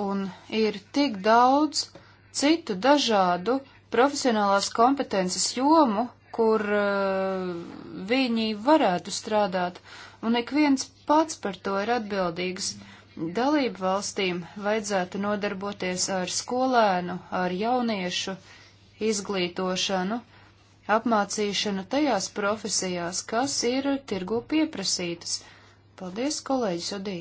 un ir tik daudz citu dažādu profesionālās kompetences jomu, kur uh, viņi varētu strādāt, un ik viens pats par to ir atbildīgs. Dalību valstīm vajadzētu nodarboties ar skolēnu, ar jauniešu izglītošanu, apmācīšanu tajās profesijās, kas ir tirgu pieprasītas. Paldies, kolēģis Odī.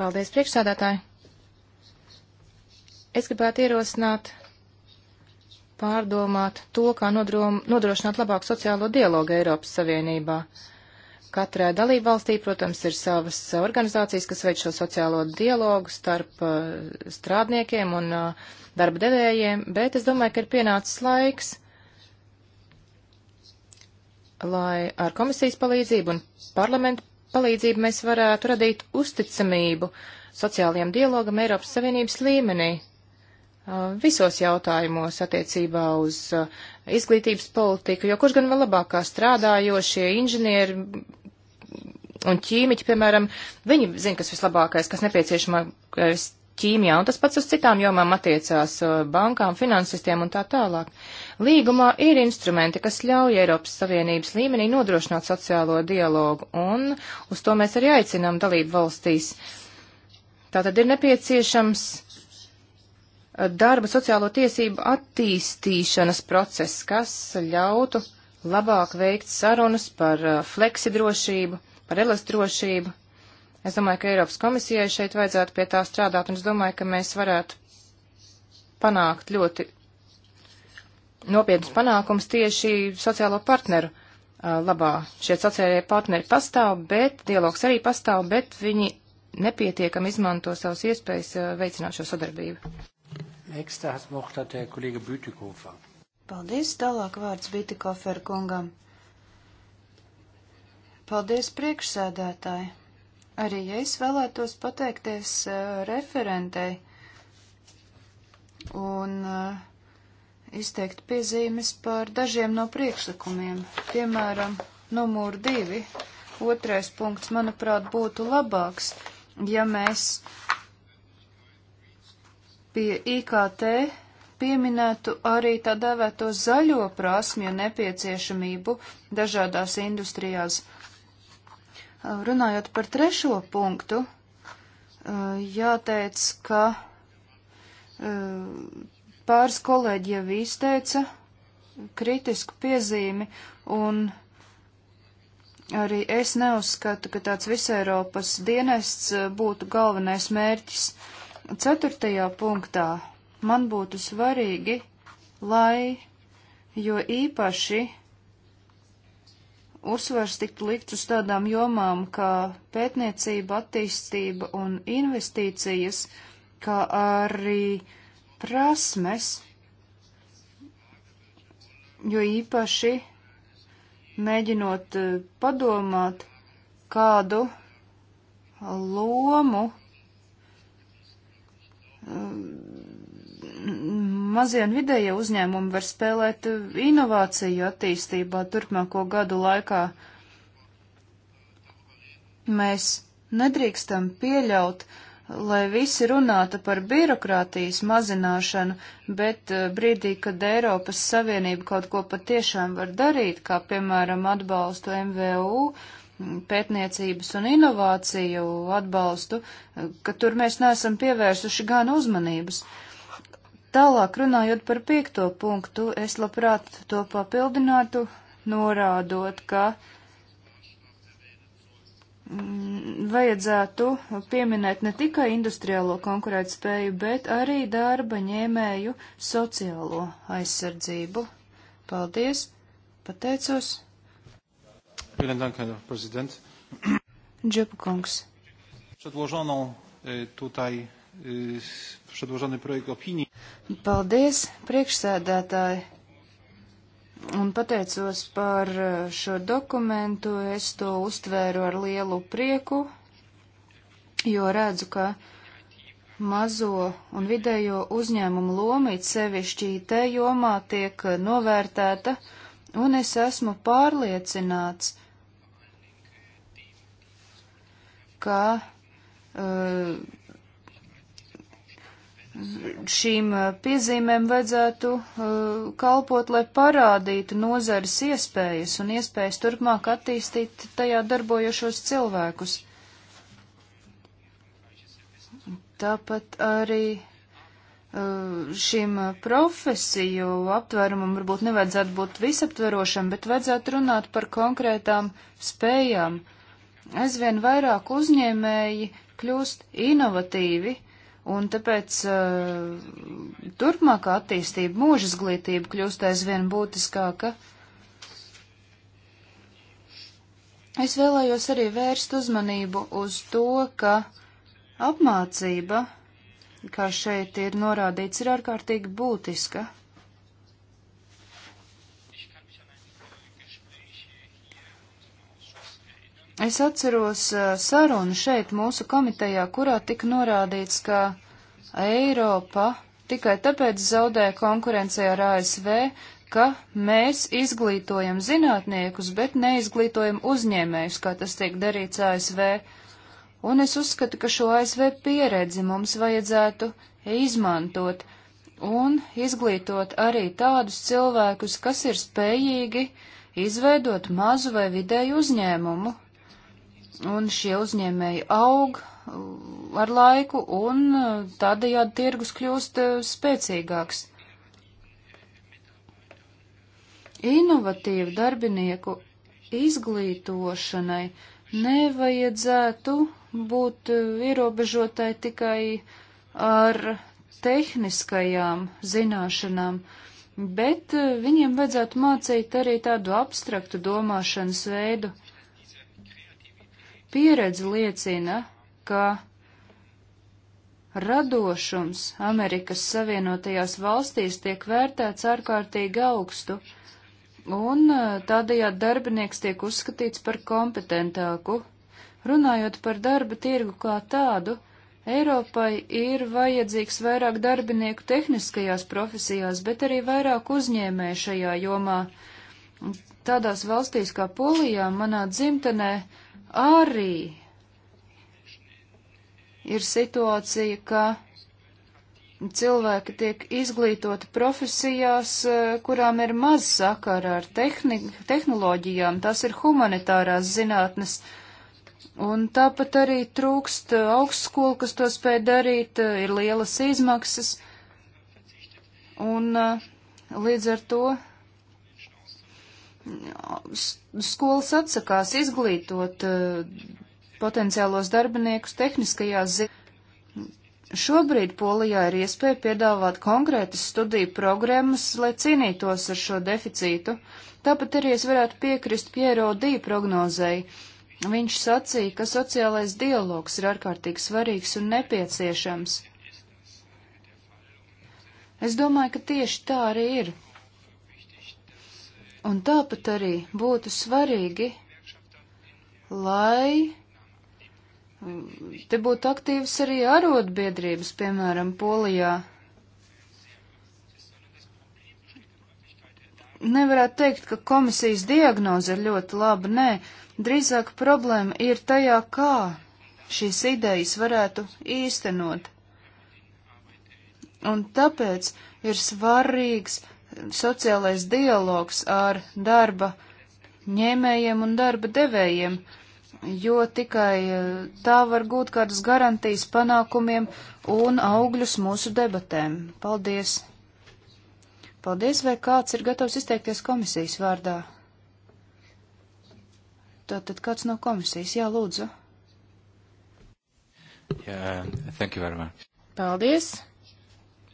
Paldies, priekšsādātāji. Es gribētu ierosināt pārdomāt to, kā nodrom, nodrošināt labāku sociālo dialogu Eiropas Savienībā. Uh, Katrai dalībvalstī, protams, ir savas organizācijas, kas veic šo sociālo dialogu starp eh, strādniekiem un eh, darba devējiem, bet es domāju, ka ir pienācis laiks, lai ar komisijas palīdzību un parlamentu palīdzību mēs varētu radīt uzticamību sociālajiem dialogam Eiropas Savienības līmenī visos jautājumos attiecībā uz izglītības politiku, jo kurš gan vēl labākā strādājošie inženieri un ķīmiķi, piemēram, viņi zina, kas vislabākais, kas nepieciešamākais ķīmijā, un tas pats uz citām jomām attiecās bankām, finansistiem un tā tālāk. Līgumā ir instrumenti, kas ļauj Eiropas Savienības līmenī nodrošināt sociālo dialogu, un uz to mēs arī aicinām dalību valstīs. Tātad ir nepieciešams darba sociālo tiesību attīstīšanas process, kas ļautu labāk veikt sarunas par uh, fleksidrošību, par elastrošību. Es domāju, ka Eiropas komisijai šeit vajadzētu pie tā strādāt, un es domāju, ka mēs varētu panākt ļoti nopietnas panākums tieši sociālo partneru uh, labā. Šie sociālie partneri pastāv, bet dialogs arī pastāv, bet viņi nepietiekami izmanto savas iespējas uh, veicināt šo sadarbību. Nächster hat noch der Kollege Bütikofer. Paldies, tālāk vārds Bütikofer kungam. Paldies, priekšsēdētāji. Arī es vēlētos pateikties uh, referentei un uh, izteikt piezīmes par dažiem no priekšlikumiem. Piemēram, numur divi, otrais punkts, manuprāt, būtu labāks, ja mēs pie IKT pieminētu arī tā dēvēto zaļo prasmju nepieciešamību dažādās industrijās. Runājot par trešo punktu, jāteic, ka pāris kolēģi jau izteica kritisku piezīmi, un arī es neuzskatu, ka tāds visai Eiropas dienests būtu galvenais mērķis. Uh, Ceturtajā punktā man būtu svarīgi, lai jo īpaši uzsvars tiktu likts uz tādām jomām kā pētniecība, attīstība un investīcijas, kā arī prasmes, jo īpaši mēģinot eh, padomāt, kādu lomu mazie un vidējie uzņēmumi var spēlēt inovāciju attīstībā turpmāko gadu laikā. Mēs nedrīkstam pieļaut, lai visi runātu par birokrātijas mazināšanu, bet eh, brīdī, kad Eiropas Savienība kaut ko patiešām var darīt, kā piemēram atbalstu MVU, uh, pētniecības un inovāciju atbalstu, ka tur mēs neesam pievērsuši gan uzmanības. Tālāk runājot par piekto punktu, es labprāt to papildinātu, norādot, ka mm, vajadzētu pieminēt ne tikai industriālo konkurētspēju, bet arī darba ņēmēju sociālo aizsardzību. Paldies! Pateicos! Džiupu kungs. E, e, Paldies, priekšsēdētāji. Un pateicos par e, šo dokumentu. Es to uztvēru ar lielu prieku, jo redzu, ka mazo un vidējo uzņēmumu loma it sevišķi IT jomā tiek novērtēta, un es esmu pārliecināts, ka eh, šīm eh, piezīmēm vajadzētu eh, kalpot, lai parādītu nozares iespējas un iespējas turpmāk attīstīt tajā darbojošos cilvēkus. Tāpat arī šim profesiju aptvērumam varbūt nevajadzētu būt visaptverošam, bet vajadzētu runāt par konkrētām spējām. Uh, aizvien vairāk uzņēmēji kļūst inovatīvi, un tāpēc uh, turpmākā attīstība, mūža izglītība kļūst aizvien būtiskāka. Es vēlējos arī vērst uzmanību uz to, ka apmācība, kā šeit ir norādīts, ir ārkārtīgi būtiska. Es atceros uh, sarunu šeit mūsu komitejā, kurā tika norādīts, ka Eiropa tikai tāpēc zaudē konkurencē ar ASV, ka mēs izglītojam zinātniekus, bet neizglītojam uzņēmējus, kā tas tiek darīts ASV. Un es uzskatu, ka šo ASV pieredzi mums vajadzētu izmantot un izglītot arī tādus cilvēkus, kas ir spējīgi izveidot mazu vai vidēju uzņēmumu, un šie uzņēmēji aug uh, ar laiku, un uh, tādējādi tirgus kļūst uh, spēcīgāks. Inovatīvu darbinieku izglītošanai nevajadzētu būt ierobežotai tikai ar tehniskajām zināšanām, bet viņiem vajadzētu mācīt arī tādu abstraktu domāšanas veidu. Pieredze liecina, ka radošums Amerikas Savienotajās valstīs tiek vērtēts ārkārtīgi augstu, un uh, tādējādi darbinieks tiek uzskatīts par kompetentāku. Runājot par darba tirgu kā tādu, Eiropai ir vajadzīgs vairāk darbinieku tehniskajās profesijās, bet arī vairāk uzņēmēju šajā jomā. Tādās valstīs kā Polijā, manā dzimtenē, arī ir situācija, ka cilvēki tiek izglītoti profesijās, eh, kurām ir maz sakara ar tehni tehnoloģijām, tās ir humanitārās zinātnes. Un tāpat arī trūkst augstskolu, kas to spēj darīt, eh, ir lielas izmaksas. Un eh, līdz ar to skolas atsakās izglītot eh, potenciālos darbiniekus tehniskajās zinās. Šobrīd Polijā ir iespēja piedāvāt konkrētas studiju programmas, lai cīnītos ar šo deficītu. Tāpat arī es varētu piekrist Piero D. prognozēji. Viņš sacīja, ka sociālais dialogs ir ārkārtīgi svarīgs un nepieciešams. Es domāju, ka tieši tā arī ir. Un tāpat arī būtu svarīgi, lai mm, te būtu aktīvas arī arotbiedrības, piemēram, Polijā. Nevarētu teikt, ka komisijas diagnoze ir ļoti laba, nē, drīzāk problēma ir tajā, kā šīs idejas varētu īstenot. Un tāpēc ir svarīgs sociālais dialogs ar darba ņēmējiem un darba devējiem, jo tikai eh, tā var gūt kādas garantijas panākumiem un augļus mūsu debatēm. Paldies! Paldies, vai kāds ir gatavs izteikties komisijas vārdā? Tātad kāds no komisijas? Jā, lūdzu. Yeah, thank you very much. Paldies,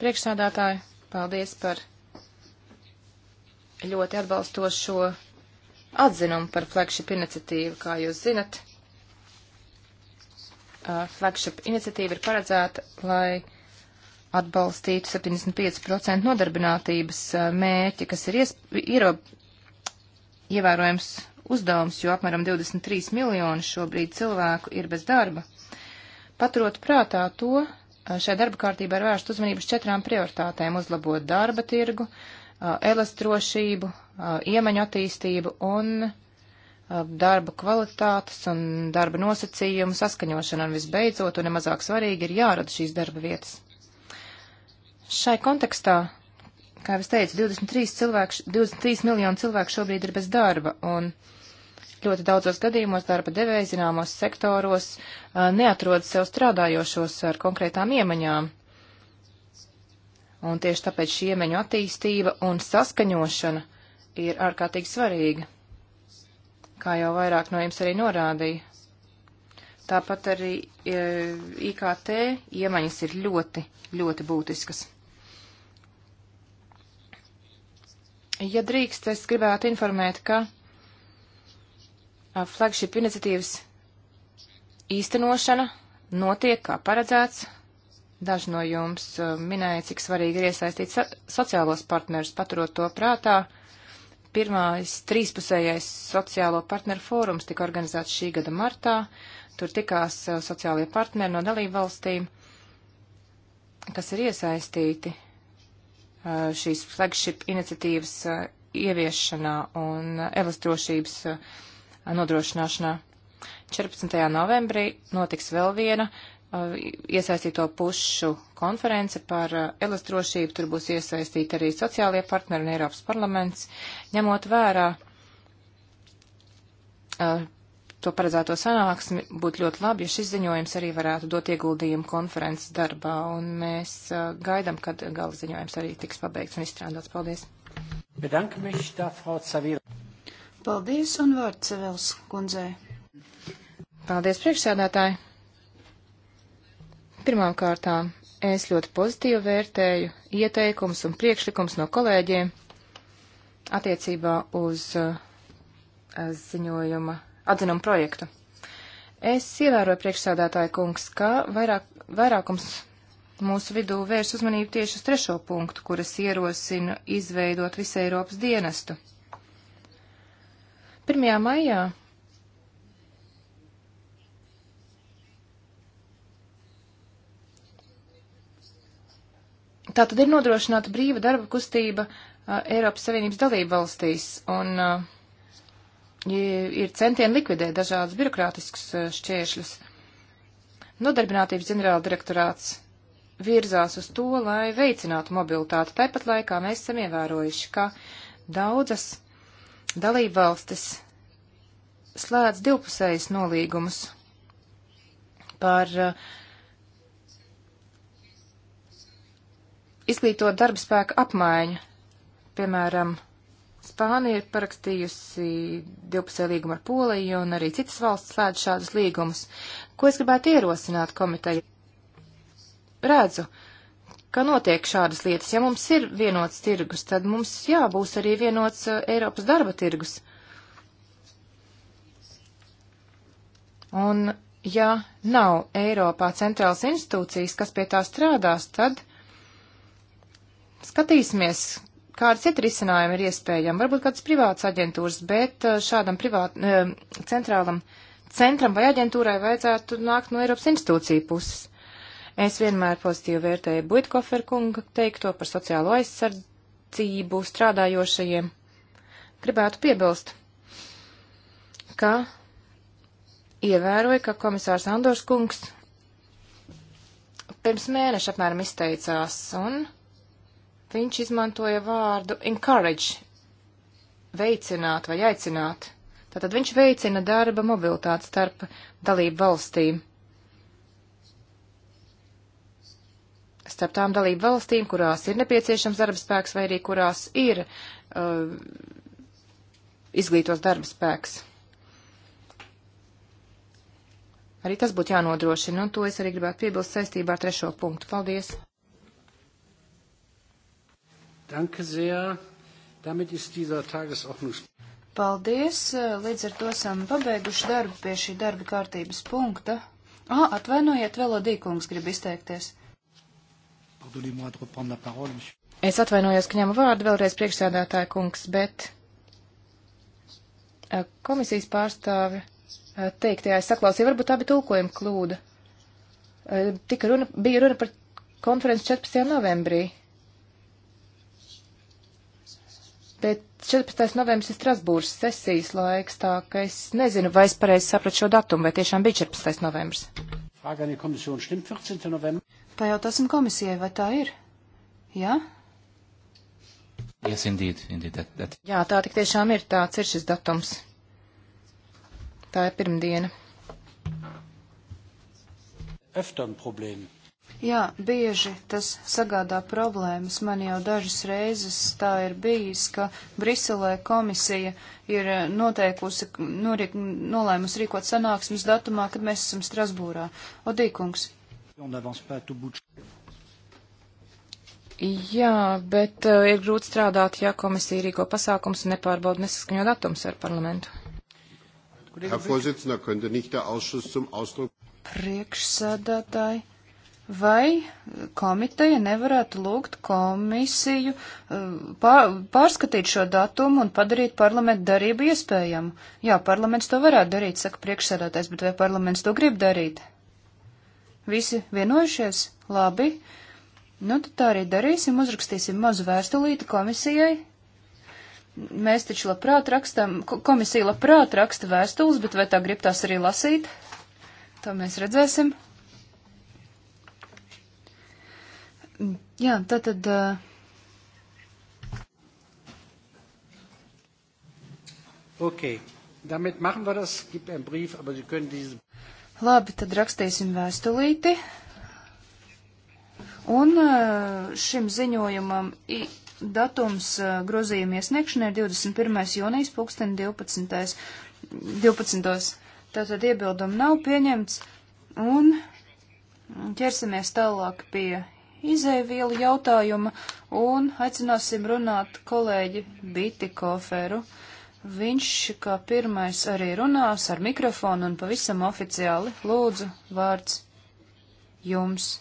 priekšsādātāji. Paldies par ļoti atbalstošo atzinumu par flagship iniciatīvu. Kā jūs zinat, flagship iniciatīva ir paredzēta, lai atbalstītu 75% nodarbinātības mērķi, kas ir iero, ievērojams uzdevums, jo apmēram 23 miljoni šobrīd cilvēku ir bez darba. Paturot prātā to, šai darba kārtībā ir vērsta uzmanības četrām prioritātēm - uzlabot darba tirgu, uh, elastrošību, iemaņu attīstību un darba kvalitātes un darba nosacījumu saskaņošanu. Un visbeidzot, un nemazāk svarīgi, ir jārada šīs darba vietas. Šai kontekstā, kā jau es teicu, 23, cilvēku, 23 miljonu cilvēku šobrīd ir bez darba, un ļoti daudzos gadījumos darba devēja zināmos sektoros neatrod sev strādājošos ar konkrētām iemaņām. Un tieši tāpēc šī iemeņu attīstība un saskaņošana ir ārkārtīgi svarīga, kā jau vairāk no jums arī norādīja. Tāpat arī e, IKT iemaņas ir ļoti, ļoti būtiskas. Ja drīkst, es gribētu informēt, ka flagship iniciatīvas īstenošana notiek kā paredzēts Daži no jums uh, minēja, cik svarīgi ir iesaistīt sociālos partnerus, paturot to prātā. Pirmais trīspusējais sociālo partneru fórums tika organizēts šī gada martā. Tur tikās uh, sociālie partneri no dalību valstīm, kas ir iesaistīti uh, šīs flagship iniciatīvas ieviešanā un elastrošības nodrošināšanā. 14. novembrī notiks vēl viena uh, Uh, iesaistīto pušu konference par uh, elastrošību. Tur būs iesaistīti arī sociālie partneri un Eiropas parlaments, ņemot vērā uh, to paredzēto sanāksmi, būtu ļoti labi, ja šis ziņojums arī varētu dot ieguldījumu konferences darbā, un mēs gaidam, kad gala ziņojums arī tiks pabeigts un izstrādāts. Paldies! Paldies un vārds Savils kundzei! Paldies priekšsēdētāji! Pirmām kārtām es ļoti pozitīvi vērtēju ieteikums un priekšlikums no kolēģiem attiecībā uz uh, ziņojuma atzinumu projektu. Es ievēroju priekšsādātāju kungs, ka vairāk, vairākums mūsu vidū vērs uzmanību tieši uz trešo punktu, kuras ierosina izveidot visu Eiropas dienestu. 1. maijā Tā tad ir nodrošināta brīva darba kustība uh, Eiropas Savienības dalību valstīs, un uh, ir centieni likvidēt dažādus birokrātiskus uh, šķēršļus. Nodarbinātības ģenerāla direktorāts virzās uz to, lai veicinātu mobilitāti. Tāpat laikā mēs esam ievērojuši, ka daudzas dalībvalstis slēdz divpusējas nolīgumus par uh, izglītot darbspēka apmaiņu. Piemēram, Spānija ir parakstījusi divpusē līgumu ar Poliju un arī citas valsts slēdz šādus līgumus. Ko es gribētu ierosināt komiteju? Redzu, ka notiek šādas lietas. Ja mums ir vienots tirgus, tad mums jābūs arī vienots eh, Eiropas darba tirgus. Un ja nav Eiropā centrālas institūcijas, kas pie tā strādās, tad Skatīsimies, kādas citas risinājumi ir iespējami. Varbūt kādas privātas aģentūras, bet eh, šādam privāt, eh, centrālam centram vai aģentūrai vajadzētu nākt no Eiropas institūciju puses. Es vienmēr pozitīvi vērtēju Buitkofer kunga teikto par sociālo aizsardzību strādājošajiem. Gribētu piebilst, ka ievēroju, ka komisārs Andors kungs pirms mēneša apmēram izteicās un viņš izmantoja vārdu encourage, veicināt vai aicināt. Tātad viņš veicina darba mobilitāti starp dalību valstīm. Starp tām dalību valstīm, kurās ir nepieciešams darba spēks vai arī kurās ir uh, izglītos darba spēks. Arī tas būtu jānodrošina, un to es arī gribētu piebilst saistībā ar trešo punktu. Paldies! Danke sehr. Damit ist dieser Tagesordnungs. Paldies. Līdz ar to esam pabeiguši darbu pie šī darba kārtības punkta. Ah, atvainojiet, Velodīkungs grib izteikties. Es atvainojos, ka ņemu vārdu vēlreiz priekšsēdētāja kungs, bet eh, komisijas pārstāvi eh, teiktajā es saklausīju, varbūt tā bija tulkojuma kļūda. Eh, tika runa, bija runa par konferenci 14. novembrī. bet 14. novembris ir Strasbūras sesijas laiks, tā ka es nezinu, vai es pareizi sapratu šo datumu, vai tiešām bija 14. novembris. Pajautāsim komisijai, vai tā ir? Jā? Yes, indeed, indeed, that, that. Jā, tā tik tiešām ir, tāds ir šis datums. Tā ir pirmdiena. Öfter ein Problem. Jā, bieži tas sagādā problēmas. Man jau dažas reizes tā ir bijis, ka Briselē komisija ir noteikusi, norik, nolēmusi rīkot sanāksmes datumā, kad mēs esam Strasbūrā. Odīkungs. Jā, bet uh, ir grūti strādāt, ja komisija rīko pasākums un nepārbauda nesaskaņo datums ar parlamentu. Herr Vorsitzender, könnte nicht der Ausschuss zum Ausdruck. Priekšsēdētāji. Vai komiteja nevarētu lūgt komisiju uh, pārskatīt šo datumu un padarīt parlamentu darību iespējamu? Jā, parlaments to varētu darīt, saka priekšsēdētājs, bet vai parlaments to grib darīt? Visi vienojušies? Labi. Nu, tad tā arī darīsim, uzrakstīsim mazu vēstulīti komisijai, Mēs taču labprāt rakstam, komisija labprāt raksta vēstules, bet vai tā grib tās arī lasīt? To mēs redzēsim. Mm, jā, tātad. Ok, damit machen wir das, gibt einen Brief, aber Sie können diesen. Labi, tad rakstīsim vēstulīti. Un šim ziņojumam datums grozījuma iesniegšanai ir 21. jūnijas pulksten 12. 12. Tātad iebildumu nav pieņemts un ķersimies tālāk pie izēvielu jautājuma un aicināsim runāt kolēģi Bitikoferu. Viņš kā pirmais arī runās ar mikrofonu un pavisam oficiāli lūdzu vārds jums.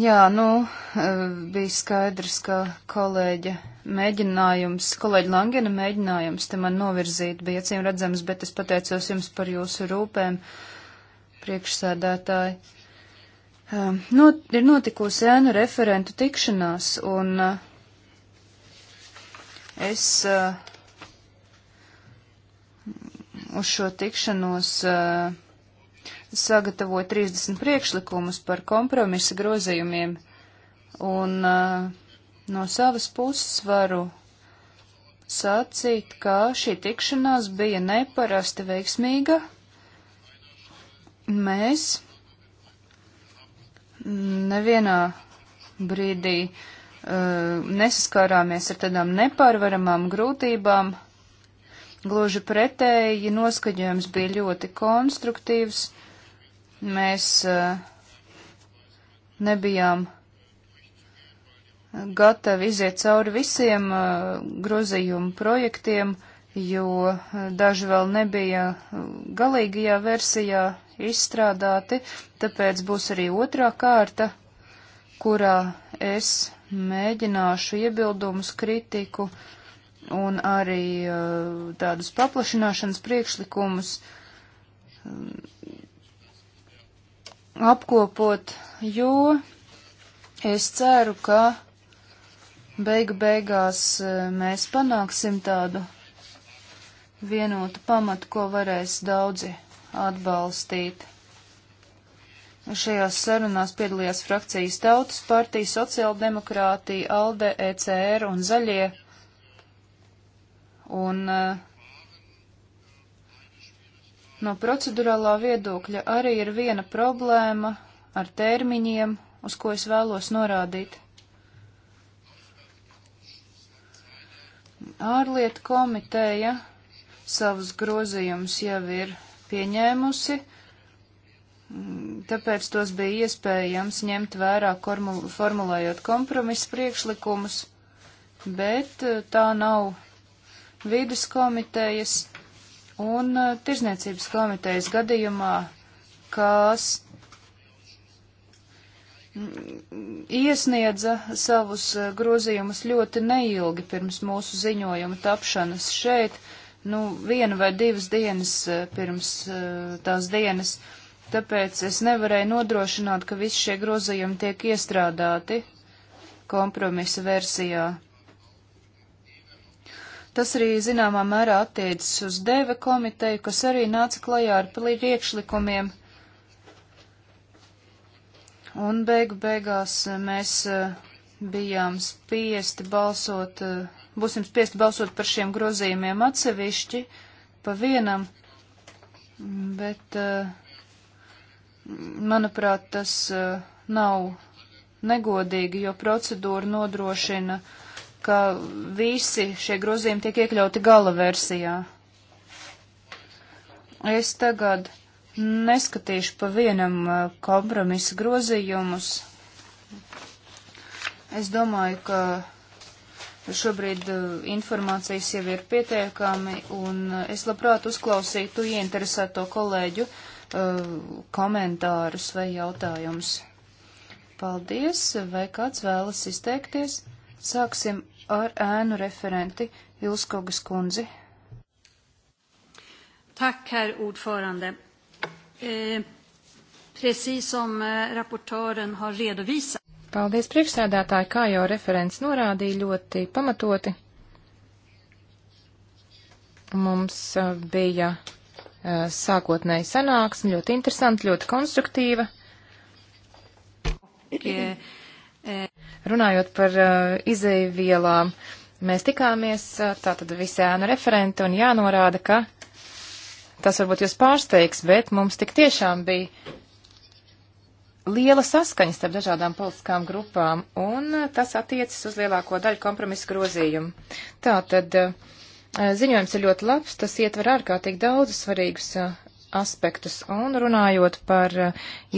Jā, nu, eh, bija skaidrs, ka kolēģe mēģinājums, kolēģi Langena mēģinājums te man novirzīt bija acīm redzams, bet es pateicos jums par jūsu rūpēm, priekšsēdētāji. Um, not, ir notikusi ēnu referentu tikšanās, un uh, es uh, uz šo tikšanos uh, sagatavoju 30 priekšlikumus par kompromisa grozījumiem, un uh, No savas puses varu sacīt, ka šī tikšanās bija neparasti veiksmīga. Mēs nevienā brīdī uh, nesaskārāmies ar tādām nepārvaramām grūtībām. Gluži pretēji noskaņojums bija ļoti konstruktīvs. Mēs uh, nebijām gatavi iziet cauri visiem uh, grozījumu projektiem, jo uh, daži vēl nebija uh, galīgajā versijā izstrādāti, tāpēc būs arī otrā kārta, kurā es mēģināšu iebildumus, kritiku un arī tādus paplašināšanas priekšlikumus um, apkopot, jo es ceru, ka beigu beigās e, mēs panāksim tādu vienotu pamatu, ko varēs daudzi atbalstīt. Šajās sarunās piedalījās frakcijas Tautas partija, Sociāldemokrātija, ALDE, ECR un Zaļie. Un e, no procedurālā viedokļa arī ir viena problēma ar termiņiem, uz ko es vēlos norādīt. Ārlietu komiteja savus grozījumus jau ir pieņēmusi, tāpēc tos bija iespējams ņemt vērā formulējot kompromisu priekšlikumus, bet eh, tā nav vidas komitejas un eh, tirzniecības komitejas gadījumā, kas iesniedza savus eh, grozījumus ļoti neilgi pirms mūsu ziņojuma tapšanas šeit, nu, viena vai divas dienas eh, pirms eh, tās dienas, tāpēc es nevarēju nodrošināt, ka visi šie grozījumi tiek iestrādāti kompromisa versijā. Tas arī zināmā mērā attiecas uz Deve komiteju, kas arī nāca klajā ar priekšlikumiem Un beigu beigās eh, mēs eh, bijām spiesti balsot, eh, būsim spiesti balsot par šiem grozījumiem atsevišķi, pa vienam, bet, manuprāt, tas nav negodīgi, jo procedūra nodrošina, ka visi šie grozījumi tiek iekļauti gala versijā. Es tagad neskatīšu pa vienam uh, kompromisa grozījumus. Es domāju, ka šobrīd uh, informācijas jau ir pietiekami, un uh, es labprāt uzklausītu ieinteresēto kolēģu komentārus vai jautājumus. Paldies, vai kāds vēlas izteikties? Sāksim ar ēnu referenti Ilskogas kundzi. Tak, herr ordförande. Eh, precis som eh, rapportören har redovisat. Paldies priekšsēdētāji, kā jau referents norādīja ļoti pamatoti. Mums eh, bija eh, sākotnēji sanāksme, ļoti interesanti, ļoti konstruktīva. Runājot par izēvielām, mēs tikāmies tātad visi ēnu referenti un jānorāda, ka Tas varbūt jūs pārsteigs, bet mums tik tiešām bija liela saskaņa starp dažādām politiskām grupām, un uh, tas attiecas uz lielāko daļu kompromisu grozījumu. Tātad uh, ziņojums ir ļoti labs, tas ietver ārkārtīgi daudzus svarīgus uh, aspektus, un runājot par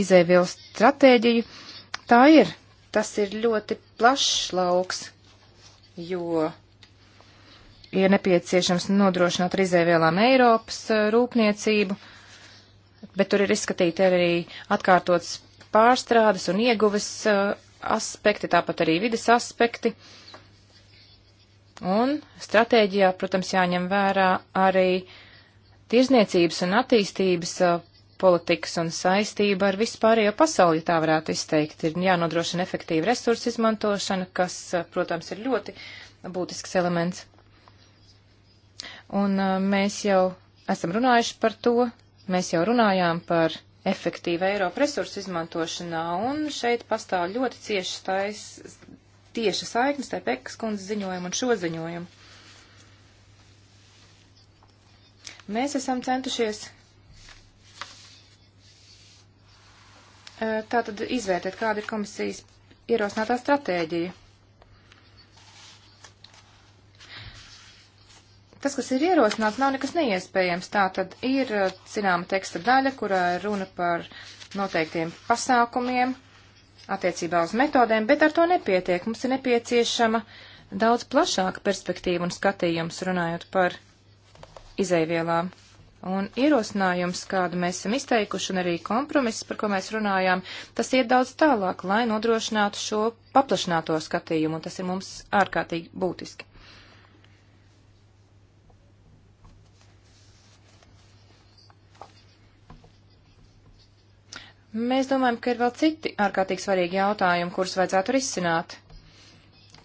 izēvielu stratēģiju, tā ir. Tas ir ļoti plašs lauks, jo ir nepieciešams nodrošināt rizēvielām Eiropas eh, rūpniecību, bet tur ir izskatīti arī atkārtots pārstrādes un ieguves eh, aspekti, tāpat arī vides aspekti. Un stratēģijā, protams, jāņem vērā arī tirzniecības un attīstības eh, politikas un saistība ar vispārējo pasauli, ja tā varētu izteikt. Ir jānodrošina efektīva resursu izmantošana, kas, protams, ir ļoti būtisks elements. Un uh, mēs jau esam runājuši par to, mēs jau runājām par efektīvu Eiropa resursu izmantošanā, un šeit pastāv ļoti cieši tais, tieša saiknes starp Ekas kundzes ziņojumu un šo ziņojumu. Mēs esam centušies uh, tātad izvērtēt, kāda ir komisijas ierosinātā stratēģija. Tas, kas ir ierosināts, nav nekas neiespējams. Tā tad ir uh, zināma teksta daļa, kurā ir runa par noteiktiem pasākumiem attiecībā uz metodēm, bet ar to nepietiek. Mums ir nepieciešama daudz plašāka perspektīva un skatījums runājot par izēvielām. Un ierosinājums, kādu mēs esam izteikuši, un arī kompromiss, par ko mēs runājām, tas iet daudz tālāk, lai nodrošinātu šo paplašināto skatījumu, un tas ir mums ārkārtīgi būtiski. Mēs domājam, ka ir vēl citi ārkārtīgi svarīgi jautājumi, kurus vajadzētu risināt.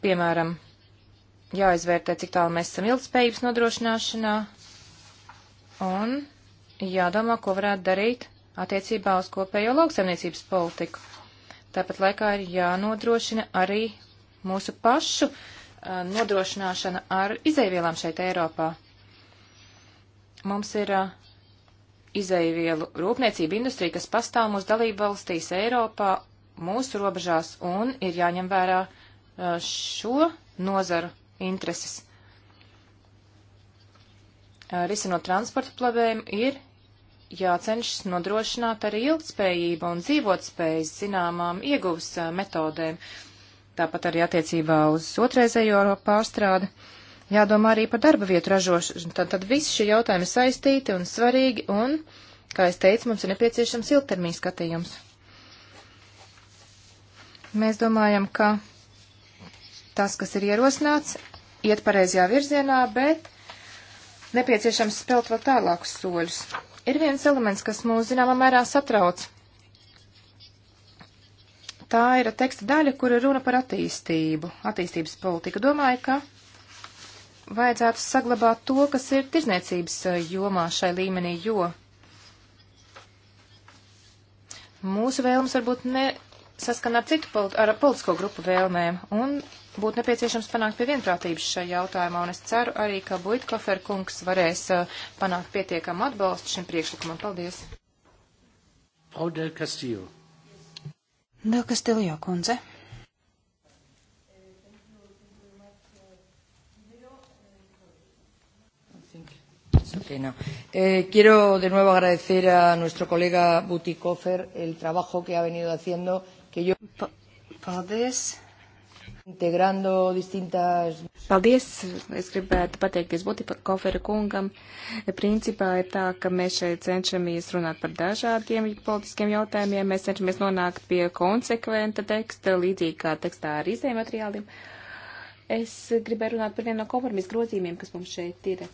Piemēram, jāizvērtē, cik tālu mēs esam ilgspējības nodrošināšanā un jādomā, ko varētu darīt attiecībā uz kopējo lauksaimniecības politiku. Tāpat laikā ir jānodrošina arī mūsu pašu uh, nodrošināšana ar izēvielām šeit Eiropā. Mums ir uh, izaivielu rūpniecība industrija, kas pastāv mūsu dalību valstīs Eiropā, mūsu robežās, un ir jāņem vērā šo nozaru intereses. Risinot transporta plabējumu ir jācenšas nodrošināt arī ilgspējība un dzīvotspējas zināmām ieguvas metodēm, tāpat arī attiecībā uz otrreizējo pārstrādi. Uh, jādomā arī par darba vietu ražošanu. Tad, tad visi šie jautājumi ir saistīti un svarīgi, un, kā es teicu, mums ir nepieciešams ilgtermiņa skatījums. Mēs domājam, ka tas, kas ir ierosināts, iet pareizajā virzienā, bet nepieciešams spēlt vēl tālākus soļus. Ir viens elements, kas mūs zināmā mērā satrauc. Tā ir teksta daļa, kura runa par attīstību, attīstības politiku. Domāju, ka vajadzētu saglabāt to, kas ir tirzniecības e, jomā šai līmenī, jo mūsu vēlmes varbūt ne saskan ar citu polit ar politisko grupu vēlmēm un būtu nepieciešams panākt pie vienprātības šajā jautājumā, un es ceru arī, ka Buitkofer kungs varēs uh, panākt pietiekamu atbalstu šim priekšlikumam. Paldies! Paudel Castillo. Del Castillo kundze. Okay, no. eh, quiero de nuevo agradecer a nuestro colega Butikofer el trabajo que ha venido haciendo, que yo. Pa paldies. Integrando distintas. Paldies! Es gribētu pateikties Butikoferu kungam. Principā ir tā, ka mēs šeit cenšamies runāt par dažādiem politiskiem jautājumiem. Mēs cenšamies nonākt pie konsekventa teksta, līdzīgi kā tekstā ar izējiem materiāliem. Es gribēju runāt par vienu no kompromisu grozījumiem, kas mums šeit ir.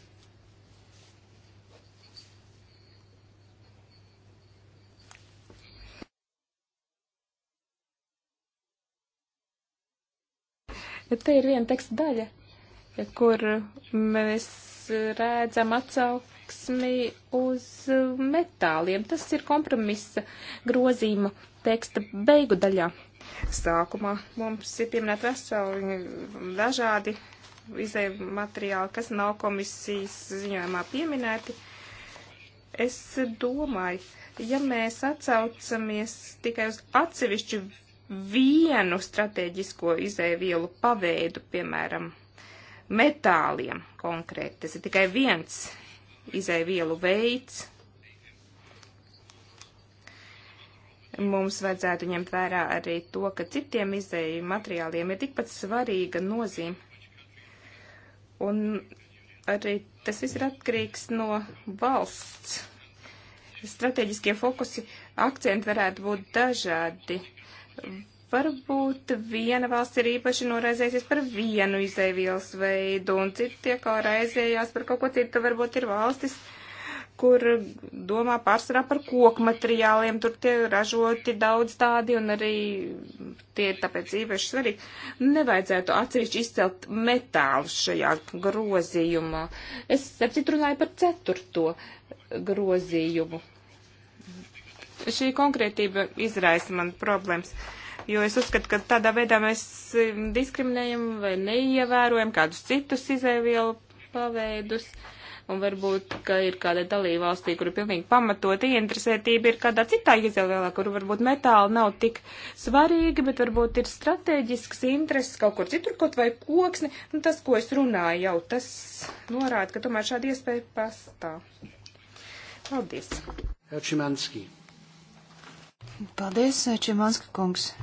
Bet te ir viena teksta daļa, kur mēs redzam atsauksmi uz metāliem. Tas ir kompromisa grozījuma teksta beigu daļā. Sākumā mums ir pieminēt veseli dažādi izēju materiāli, kas nav komisijas ziņojumā pieminēti. Es domāju, ja mēs atsaucamies tikai uz atsevišķu vienu strateģisko izēvielu paveidu, piemēram, metāliem konkrēti. Tas ir tikai viens izēvielu veids. Mums vajadzētu ņemt vērā arī to, ka citiem izēju materiāliem ir tikpat svarīga nozīme. Un arī tas viss ir atkarīgs no valsts. Strateģiskie fokusi akcenti varētu būt dažādi. Uh, Varbūt viena valsts ir īpaši noraizējusies par vienu izēvielas veidu, un citi kā raizējās par kaut ko citu. Varbūt ir valstis, kur domā pārsvarā par koku materiāliem, tur tie ražoti daudz tādi, un arī tie ir tāpēc īpaši svarīgi. Nevajadzētu atsevišķi izcelt metālu šajā grozījumā. Es, ap citu, runāju par ceturto grozījumu šī konkrētība izraisa man problēmas. Jo es uzskatu, ka tādā veidā mēs mm, diskriminējam vai neievērojam kādus citus izēvielu paveidus. Un varbūt, ka ir kāda dalība valstī, kur ir pilnīgi pamatota ieinteresētība, ir kādā citā izēvielā, kur varbūt metāli nav tik svarīgi, bet varbūt ir strateģisks intereses kaut kur citur, kaut vai koksni. Nu, tas, ko es runāju jau, tas norāda, ka tomēr šāda iespēja pastāv. Paldies. Herr Szymanski. Paldies, eh, Čemanska kungs.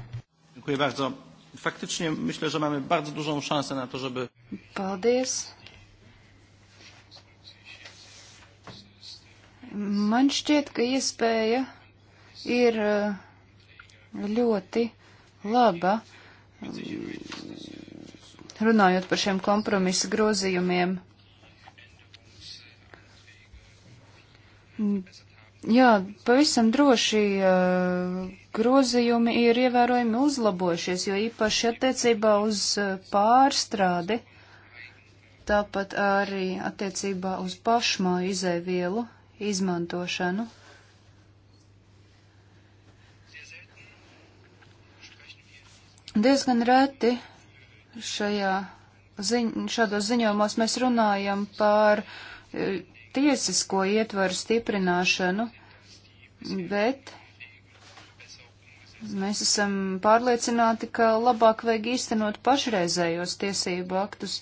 Dziękuję bardzo. Faktycznie myślę, że mamy bardzo dużą szansę na to, żeby. Paldies. Man šķiet, ka iespēja ir eh, ļoti laba, runājot par šiem kompromisa grozījumiem. Jā, pavisam droši grozījumi ir ievērojami uzlabojušies, jo īpaši attiecībā uz pārstrādi, tāpat arī attiecībā uz pašmāju izēvielu izmantošanu. Diezgan reti šajā ziņ, šādos ziņojumos mēs runājam par tiesisko ietvaru stiprināšanu, bet mēs esam pārliecināti, ka labāk vajag īstenot pašreizējos tiesību aktus.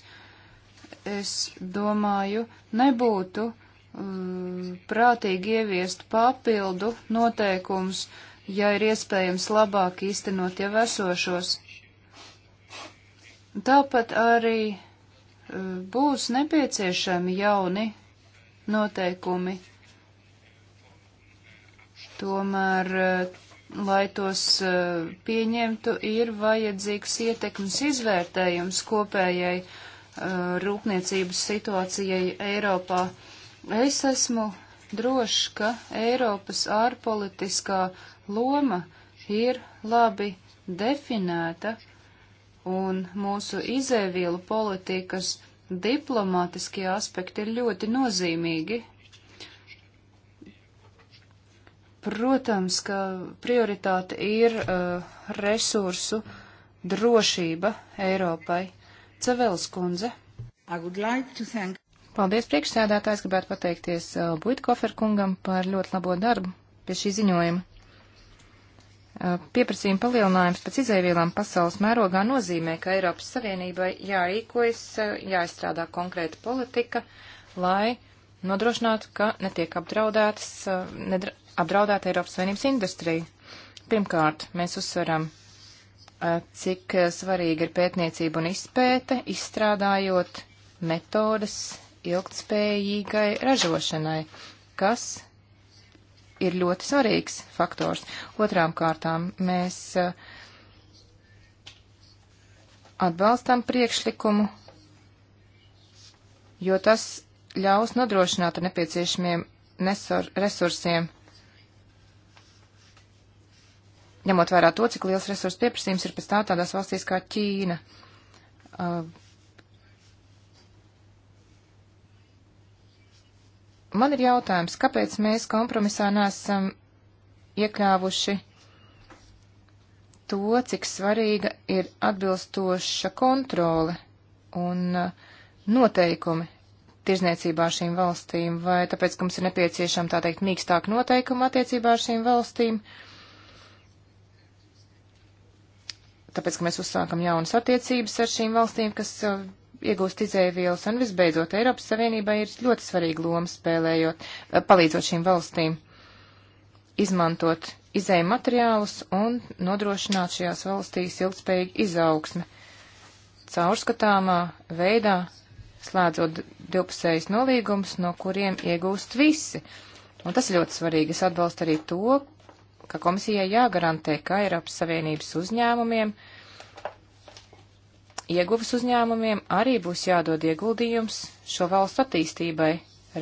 Es domāju, nebūtu mm, prātīgi ieviest papildu noteikumus, ja ir iespējams labāk īstenot jau esošos. Tāpat arī mm, būs nepieciešami jauni noteikumi. Tomēr, eh, lai tos eh, pieņemtu, ir vajadzīgs ietekmes izvērtējums kopējai eh, rūpniecības situācijai Eiropā. Es esmu drošs, ka Eiropas ārpolitiskā loma ir labi definēta un mūsu izēvielu politikas diplomātiskie aspekti ir ļoti nozīmīgi. Protams, ka prioritāte ir uh, resursu drošība Eiropai. Cevels kundze. Like thank... Paldies priekšsēdētājs, gribētu pateikties uh, Buitkofer kungam par ļoti labo darbu pie šī ziņojuma. Uh, pieprasījuma palielinājums pēc izēvielām pasaules mērogā nozīmē, ka Eiropas Savienībai jārīkojas, uh, jāizstrādā konkrēta politika, lai nodrošinātu, ka netiek apdraudētas, uh, nedra, apdraudēta Eiropas Savienības industrija. Pirmkārt, mēs uzsveram, cik svarīga ir pētniecība un izpēte, izstrādājot metodas ilgtspējīgai ražošanai, kas ir ļoti svarīgs faktors. Otrām kārtām mēs eh, atbalstam priekšlikumu, jo tas ļaus nodrošināt ar nepieciešamiem nesor, resursiem, ņemot vērā to, cik liels resursu pieprasījums ir pēc tā tādās valstīs kā Ķīna. Uh, Man ir jautājums, kāpēc mēs kompromisā nesam iekļāvuši to, cik svarīga ir atbilstoša kontrole un uh, noteikumi tirzniecībā ar šīm valstīm, vai tāpēc, ka mums ir nepieciešama tā teikt mīkstāk noteikuma attiecībā ar šīm valstīm, tāpēc, ka mēs uzsākam jaunas attiecības ar šīm valstīm, kas uh, iegūst izēvielas, un visbeidzot Eiropas Savienībai ir ļoti svarīga loma spēlējot, eh, palīdzot šīm valstīm izmantot izēju materiālus un nodrošināt šajās valstīs ilgspējīgu izaugsmi. Caurskatāmā veidā slēdzot divpusējas nolīgumus, no kuriem iegūst visi. Un tas ir ļoti svarīgi. Es atbalstu arī to, ka komisijai jāgarantē, ka Eiropas Savienības uzņēmumiem uh, ieguvas uzņēmumiem arī būs jādod ieguldījums šo valstu attīstībai,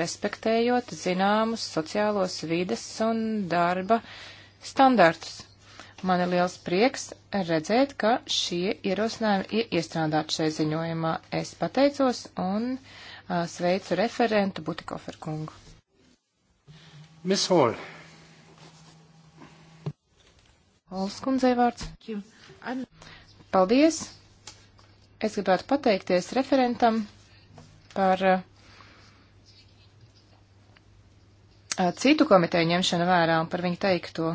respektējot zināmus sociālos vides un darba standartus. Man ir liels prieks redzēt, ka šie ierosinājumi ir iestrādāti šai ziņojumā. Es pateicos un a, sveicu referentu Butikoferu kungu. Miss Hall. Hols kundzei vārds. Paldies. Es gribētu pateikties referentam par uh, citu komiteju ņemšanu vērā un par viņu teikto.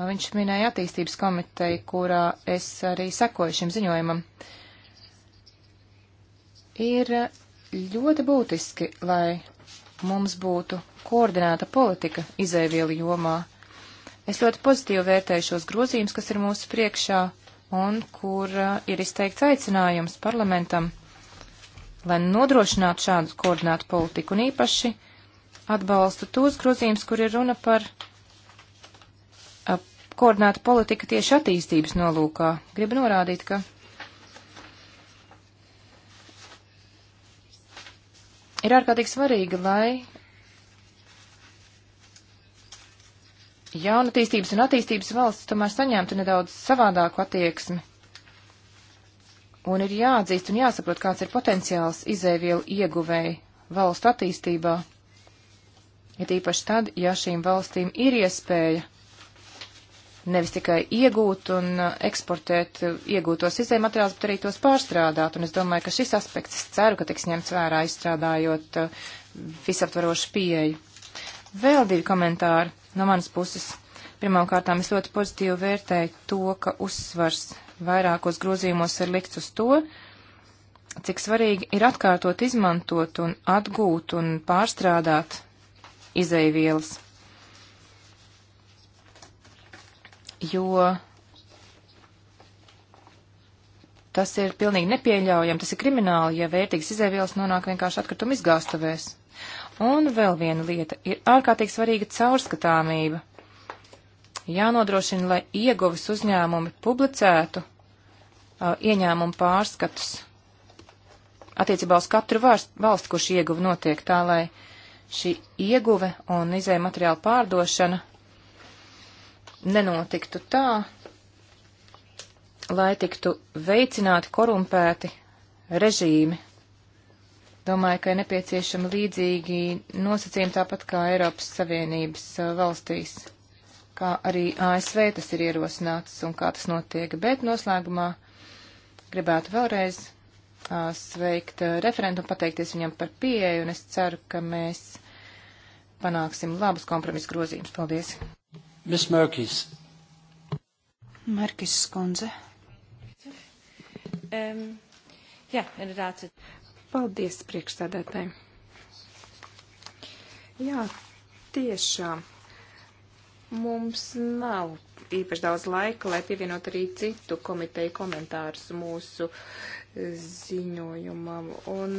Viņš minēja attīstības komiteju, kurā es arī sekoju šim ziņojumam. Ir ļoti būtiski, lai mums būtu koordinēta politika izēvielu jomā. Es ļoti pozitīvi vērtēju šos grozījumus, kas ir mūsu priekšā, un kur uh, ir izteikts aicinājums parlamentam, lai nodrošinātu šādu koordinātu politiku un īpaši atbalstu tos grozījums, kur ir runa par uh, koordinātu politika tieši attīstības nolūkā. Gribu norādīt, ka ir ārkārtīgi svarīgi, lai jaunatīstības un attīstības valsts tomēr saņemtu nedaudz savādāku attieksmi. Un ir jāatzīst un jāsaprot, kāds ir potenciāls izēvielu ieguvēji valstu attīstībā. Ja tīpaši tad, ja šīm valstīm ir iespēja nevis tikai iegūt un uh, eksportēt uh, iegūtos izēju materiālus, bet arī tos pārstrādāt. Un es domāju, ka šis aspekts, es ceru, ka tiks ņemts vērā izstrādājot uh, visaptvarošu pieeju. Vēl divi komentāri no manas puses. Pirmkārtām es ļoti pozitīvi vērtēju to, ka uzsvars vairākos grozījumos ir likts uz to, cik svarīgi ir atkārtot, izmantot un atgūt un pārstrādāt izaivielas. Jo tas ir pilnīgi nepieļaujami, tas ir krimināli, ja vērtīgas izaivielas nonāk vienkārši atkrituma izgāstuvēs. Un vēl viena lieta ir ārkārtīgi svarīga caurskatāmība. Jānodrošina, lai ieguvis uzņēmumi publicētu uh, ieņēmumu pārskatus attiecībā uz katru valsti, kur šī ieguva notiek, tā lai šī ieguve un izēja materiāla pārdošana nenotiktu tā, lai tiktu veicināti korumpēti režīmi Domāju, ka ir nepieciešama līdzīgi nosacījumi tāpat kā Eiropas Savienības uh, valstīs, kā arī ASV tas ir ierosināts un kā tas notiek. Bet noslēgumā gribētu vēlreiz uh, sveikt uh, referentu un pateikties viņam par pieeju, un es ceru, ka mēs panāksim labus kompromisu grozījumus. Paldies! Miss Merkis. Merkis skundze. Um, jā, inderdaad. Paldies priekšstādētāji. Jā, tiešām mums nav īpaši daudz laika, lai pievienot arī citu komiteju komentārus mūsu e, ziņojumam. Un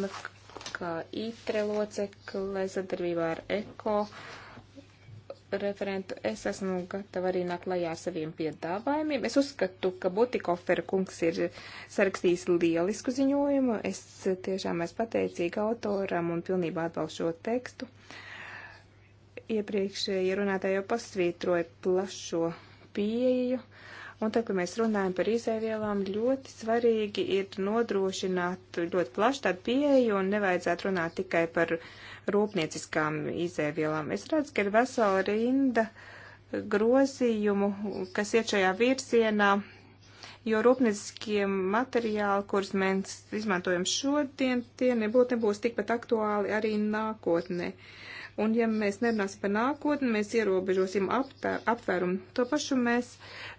kā itre locekle sadarbībā ar ECO referentu, es esmu gatava arī nākt lajā ar saviem piedāvājumiem. Es uzskatu, ka Butikofera kungs ir sarakstījis lielisku ziņojumu. Es tiešām esmu pateicīga autoram un pilnībā atbalstu šo tekstu. Iepriekšēji runātāji jau pasvītroja plašo pieeju Un tad, kad mēs runājam par izēvielām, ļoti svarīgi ir nodrošināt ļoti plašu tādu pieeju un nevajadzētu runāt tikai par rūpnieciskām izēvielām. Es redzu, ka ir vesela rinda grozījumu, kas iet šajā virsienā, jo rūpnieciskie materiāli, kurus mēs izmantojam šodien, tie nebūtu nebūs tikpat aktuāli arī nākotnē. Uh, Un ja mēs nerunāsim par nākotni, mēs ierobežosim aptvērumu. To pašu mēs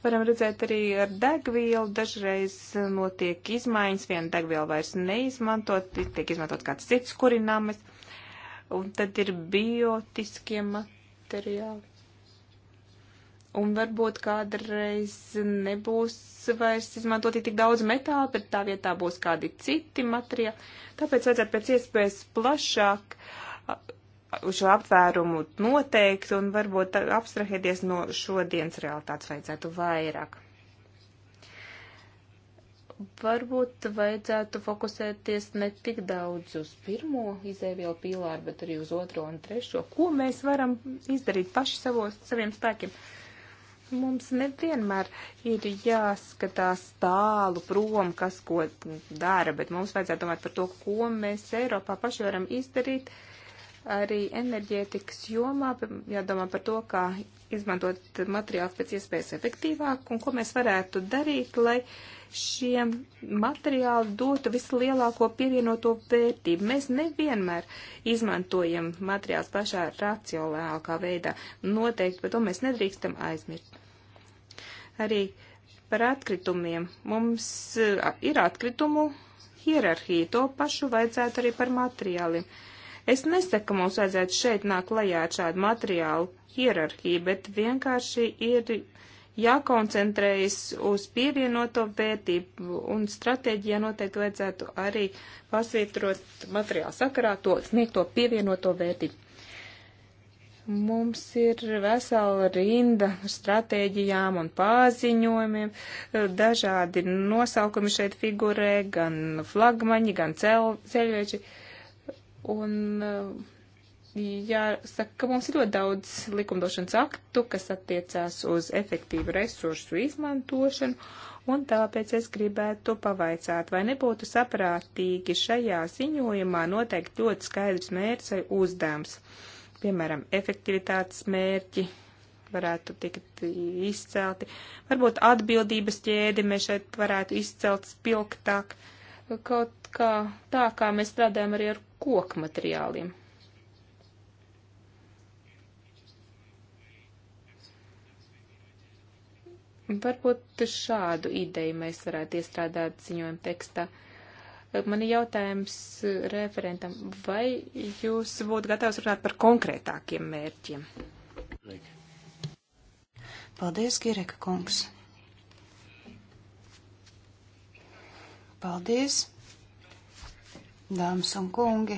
varam redzēt arī ar degvielu. Dažreiz notiek izmaiņas, viena degviela vairs neizmantot, tiek izmantot kāds cits kurināmas. Un tad ir biotiskie materiāli un varbūt kādreiz nebūs vairs izmantoti tik daudz metāla, bet tā vietā būs kādi citi materiāli. Tāpēc vajadzētu pēc iespējas plašāk šo apvērumu noteikt un varbūt abstrahēties no šodienas realitātes vajadzētu vairāk. Varbūt vajadzētu fokusēties ne tik daudz uz pirmo izēvielu pīlāru, bet arī uz otro un trešo. Ko mēs varam izdarīt paši savos, saviem spēkiem? Mums nevienmēr ir jāskatās tālu prom, kas ko dara, bet mums vajadzētu domāt par to, ko mēs Eiropā paši varam izdarīt. Uh, arī enerģētikas jomā jādomā par to, kā izmantot materiālus pēc iespējas efektīvāk un ko mēs varētu darīt, lai šiem materiāli dotu vislielāko pievienoto vērtību. Mēs nevienmēr izmantojam materiālus pašā racionālākā veidā. Noteikti par to mēs nedrīkstam aizmirst. Arī par atkritumiem. Mums ir atkritumu hierarhija, to pašu vajadzētu arī par materiāliem. Uh, Es nesaku, ka mums vajadzētu šeit nākt lejā ar šādu materiālu hierarhiju, bet vienkārši ir jākoncentrējas uz pievienoto vērtību un stratēģijā noteikti vajadzētu arī pasvītrot materiālu sakarā to sniegto pievienoto vērtību. Mums ir vesela rinda stratēģijām un paziņojumiem, dažādi nosaukumi šeit figurē, gan flagmaņi, gan ceļveči. Cel Un eh, jāsaka, ka mums ir ļoti daudz likumdošanas aktu, kas attiecās uz efektīvu resursu izmantošanu, un tāpēc es gribētu pavaicāt, vai nebūtu saprātīgi šajā ziņojumā noteikti ļoti skaidrs mērķis vai uzdevums. Piemēram, efektivitātes mērķi varētu tikt izcelti, varbūt atbildības ķēdi mēs šeit varētu izcelt spilgtāk. Uh, kaut kā tā, kā mēs strādājam arī ar koku materiāliem. Varbūt šādu ideju mēs varētu iestrādāt ziņojuma tekstā. Man ir jautājums referentam, vai jūs būtu gatavs runāt par konkrētākiem mērķiem? Paldies, Gireka kungs. Paldies, dāmas un kungi.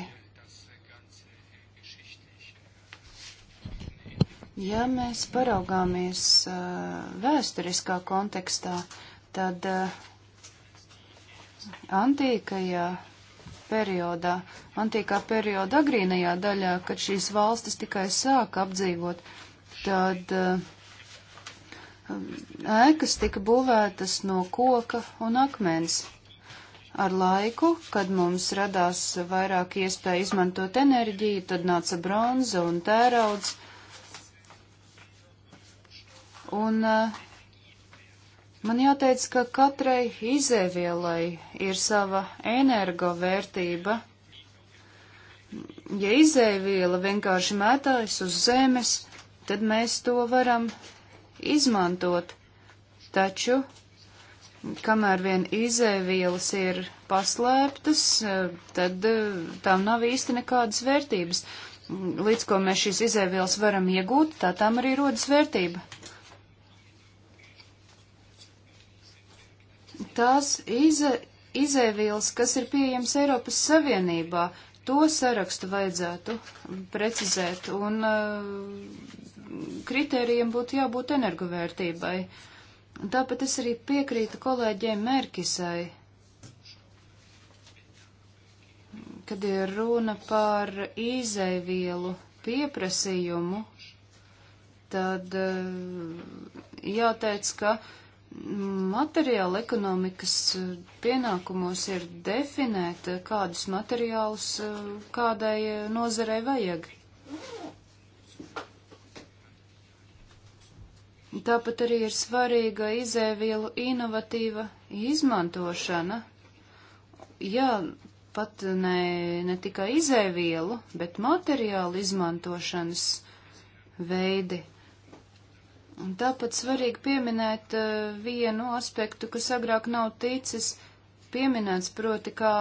Ja mēs paraugāmies uh, vēsturiskā kontekstā, tad uh, antīkajā periodā, antīkā perioda agrīnajā daļā, kad šīs valstis tikai sāka apdzīvot, tad ēkas tika būvētas no koka un akmens. Ar laiku, kad mums radās vairāk iespēja izmantot enerģiju, tad nāca bronza un tērauds. Un eh, man jāteic, ka katrai izēvielai ir sava energovērtība. Ja izēviela vienkārši mētājas uz zemes, tad mēs to varam izmantot. Taču kamēr vien izēvielas ir paslēptas, tad eh, tām nav īsti nekādas vērtības. Līdz ko mēs šīs izēvielas varam iegūt, tā tām arī rodas vērtība. Tās ize, izēvielas, kas ir pieejamas Eiropas Savienībā, to sarakstu vajadzētu precizēt, un uh, kritērijiem būtu jābūt energovērtībai. Uh, Tāpat es arī piekrītu kolēģiem Merkisai, kad ir runa par izēvielu pieprasījumu, tad eh, jāteic, ka materiāla ekonomikas eh, pienākumos ir definēt, eh, kādus materiālus kādai nozarei vajag. Tāpat arī ir svarīga izēvielu inovatīva izmantošana. Jā, pat ne, ne tikai izēvielu, bet materiālu izmantošanas veidi. Un tāpat svarīgi pieminēt uh, vienu aspektu, kas agrāk nav ticis pieminēts, proti, kā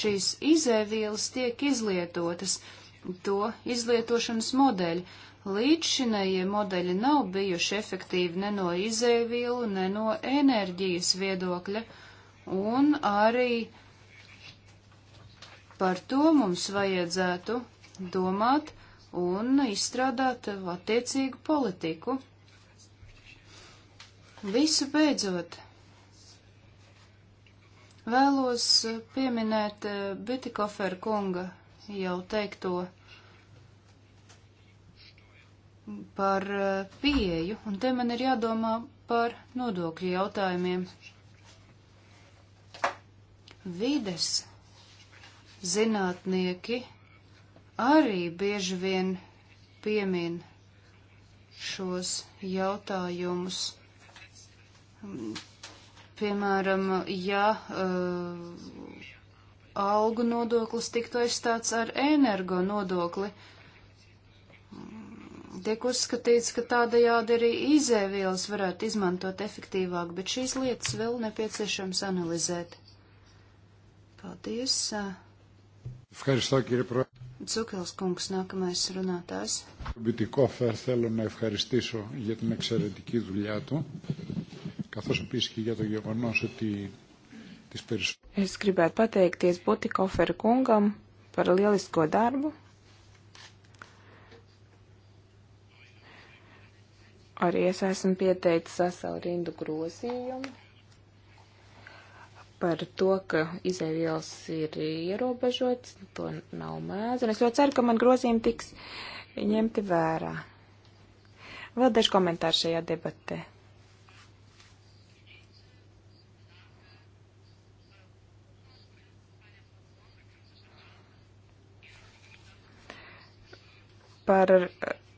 šīs izēvielas tiek izlietotas. Uh, to izlietošanas modeļi. Līdzšinējie modeļi nav bijuši efektīvi ne no izēvielu, ne no enerģijas viedokļa, un arī par to mums vajadzētu domāt un izstrādāt attiecīgu politiku. Visu beidzot, vēlos pieminēt eh, Bitikofer kunga jau teikto par uh, pieeju, un te man ir jādomā par nodokļu jautājumiem. Vides zinātnieki arī bieži vien piemin šos jautājumus. Piemēram, ja uh, algu nodoklis tiktu aizstāts ar energo nodokli. Tiek uzskatīts, ka tādajādi arī izēvielas varētu izmantot efektīvāk, bet šīs lietas vēl nepieciešams analizēt. Paldies. Dzukels kungs, nākamais runātājs. Bitikofer, θέλω να ευχαριστήσω για την εξαιρετική δουλειά του, καθώς επίσης και για το γεγονός ότι Es gribētu pateikties Butikofera kungam par lielisko darbu. Arī es esmu pieteicis veselu rindu grozījumu par to, ka izēvielas ir ierobežotas, to nav mēdz, un es ļoti ceru, ka man grozījumi tiks ņemti vērā. Vēl daži komentāri šajā debatē. par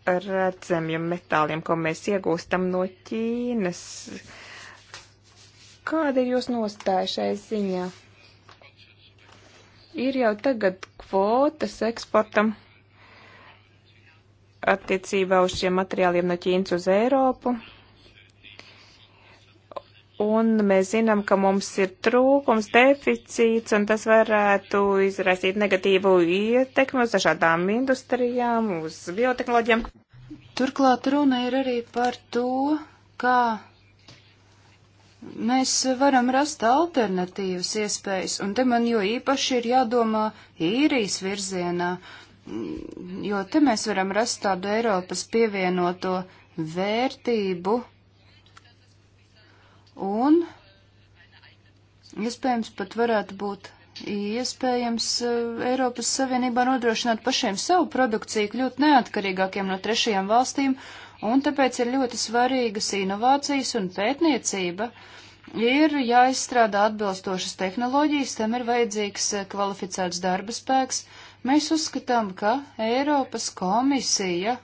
redzamiem metāliem, ko mēs iegūstam no Ķīnas. Kāda ir jūs nostāja šai ziņā? Ir jau tagad kvotas eksportam attiecībā uz šiem materiāliem no Ķīnas uz Eiropu. Un mēs zinām, ka mums ir trūkums, deficīts, un tas varētu izraisīt negatīvu ietekmi uz dažādām industrijām, uz biotehnoloģiem. Turklāt runa ir arī par to, kā mēs varam rast alternatīvas iespējas, un te man jo īpaši ir jādomā īrijas virzienā, jo te mēs varam rast tādu Eiropas pievienoto vērtību un iespējams pat varētu būt iespējams eh, Eiropas Savienībā nodrošināt pašiem savu produkciju kļūt neatkarīgākiem no trešajām valstīm, un tāpēc ir ļoti svarīgas inovācijas un pētniecība. Ir jāizstrādā atbilstošas tehnoloģijas, tam ir vajadzīgs eh, kvalificēts darba spēks. Mēs uzskatām, ka Eiropas komisija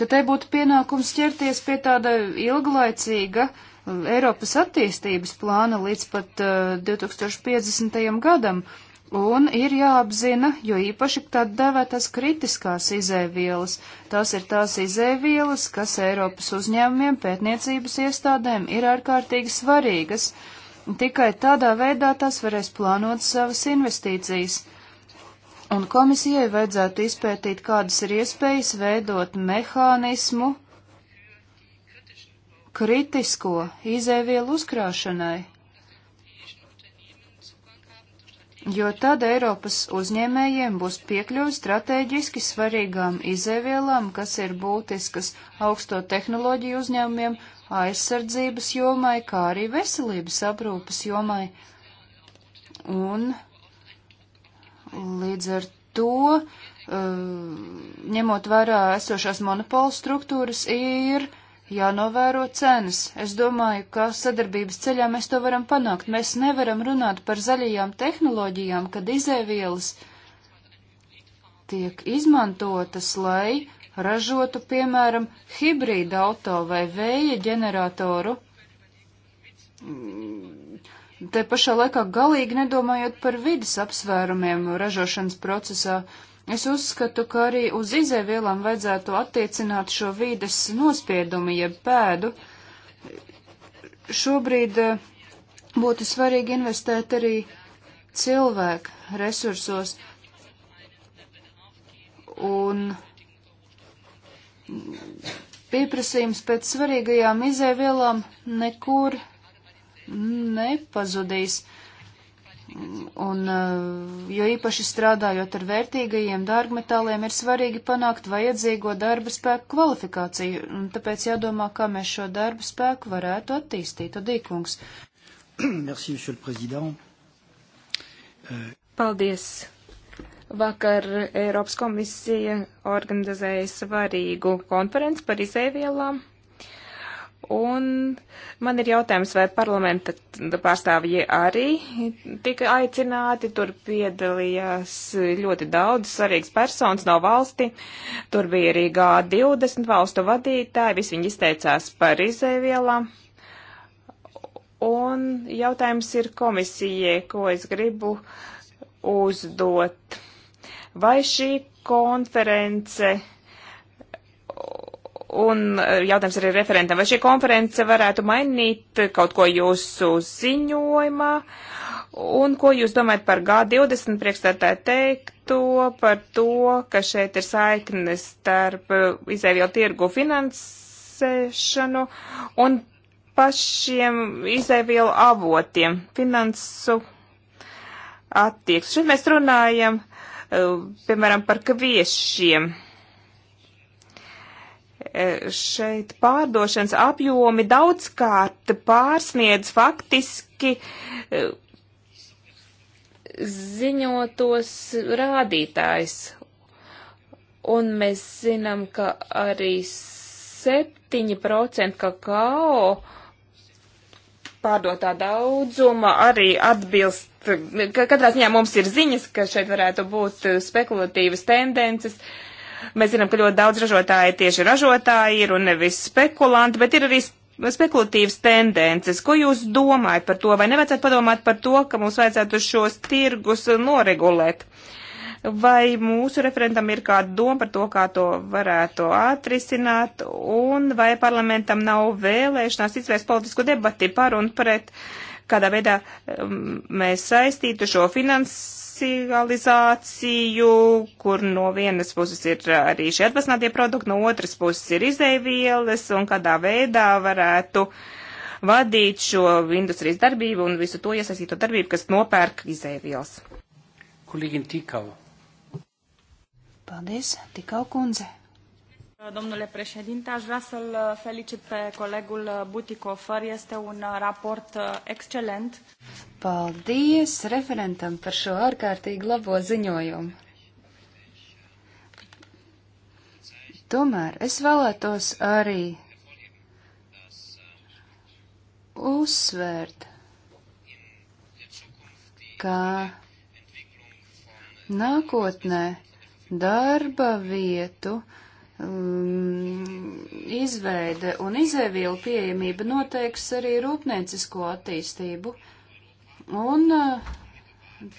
ka tai būtu pienākums ķerties pie tāda ilglaicīga uh, Eiropas attīstības plāna līdz pat uh, 2050. gadam, un ir jāapzina, jo īpaši tā devētas kritiskās izēvielas. Tās ir tās izēvielas, kas Eiropas uzņēmumiem, pētniecības iestādēm ir ārkārtīgi svarīgas. Tikai tādā veidā tās varēs plānot savas investīcijas. Un komisijai vajadzētu izpētīt, kādas ir iespējas veidot mehānismu kritisko izēvielu uzkrāšanai, jo tad Eiropas uzņēmējiem būs piekļuvi strateģiski svarīgām izēvielām, kas ir būtiskas augsto tehnoloģiju uzņēmumiem, aizsardzības jomai, kā arī veselības aprūpas jomai. Un Līdz ar to, eh, ņemot vērā esošās monopola struktūras, ir jānovēro cenas. Es domāju, ka sadarbības ceļā mēs to varam panākt. Mēs nevaram runāt par zaļajām tehnoloģijām, kad izēvielas tiek izmantotas, lai ražotu, piemēram, hibrīda auto vai vēja ģeneratoru te pašā laikā galīgi nedomājot par vidas apsvērumiem ražošanas procesā. Es uzskatu, ka arī uz izēvielām vajadzētu attiecināt šo vīdes nospiedumu, jeb pēdu. Šobrīd eh, būtu svarīgi investēt arī cilvēku resursos un pieprasījums pēc svarīgajām izēvielām nekur nepazudīs. Un, eh, jo īpaši strādājot ar vērtīgajiem dārgmetāliem, ir svarīgi panākt vajadzīgo darba spēku kvalifikāciju, un tāpēc jādomā, kā mēs šo darba spēku varētu attīstīt. Adīkungs. *clears throat* Merci, monsieur le président. Paldies. Vakar Eiropas komisija organizēja svarīgu konferenci par izēvielām Un man ir jautājums, vai parlamenta pārstāvji arī tika aicināti, tur piedalījās ļoti daudz svarīgs personas no valsti, tur bija arī G20 valstu vadītāji, visi viņi izteicās par izēvielām. Un jautājums ir komisijai, ko es gribu uzdot. Vai šī konference Un eh, jautājums arī referentam, vai šī konference varētu mainīt kaut ko jūsu ziņojumā? Un ko jūs domājat par G20 priekšstādāju teikto, par to, ka šeit ir saiknes starp eh, izēvielu tirgu finansēšanu un pašiem izēvielu avotiem, finansu attieksmi? Šeit mēs runājam, eh, piemēram, par kviešiem E, šeit pārdošanas apjomi daudzkārt pārsniedz faktiski e, ziņotos rādītājs. Un mēs zinām, ka arī 7% kakao pārdotā daudzuma arī atbilst. Katrā ziņā mums ir ziņas, ka šeit varētu būt spekulatīvas tendences. Uh, Mēs zinām, ka ļoti daudz ražotāji tieši ražotāji ir un nevis spekulanti, bet ir arī spekulatīvas tendences. Ko jūs domājat par to? Vai nevajadzētu padomāt par to, ka mums vajadzētu šos tirgus noregulēt? Vai mūsu referentam ir kāda doma par to, kā to varētu atrisināt, un vai parlamentam nav vēlēšanās izvērst politisku debati par un pret, kādā veidā um, mēs saistītu šo finansējumu? komercializāciju, kur no vienas puses ir eh, arī šie atpasnātie produkti, no otras puses ir izēvielas un kādā veidā varētu vadīt šo industrijas darbību un visu to iesaistīto darbību, kas nopērk izēvielas. Kolīgin Tikau. Paldies, Tikau kundze. Domnule președinte, aș vrea să-l felicit pe colegul Butikofer. Este un raport uh, excelent. Paldies referentam par šo ārkārtīgi labo ziņojumu. Tomēr es vēlētos arī uzsvērt, ka nākotnē darba vietu uh, um, izveide un izēvielu pieejamība noteiks arī rūpniecisko attīstību. Un uh,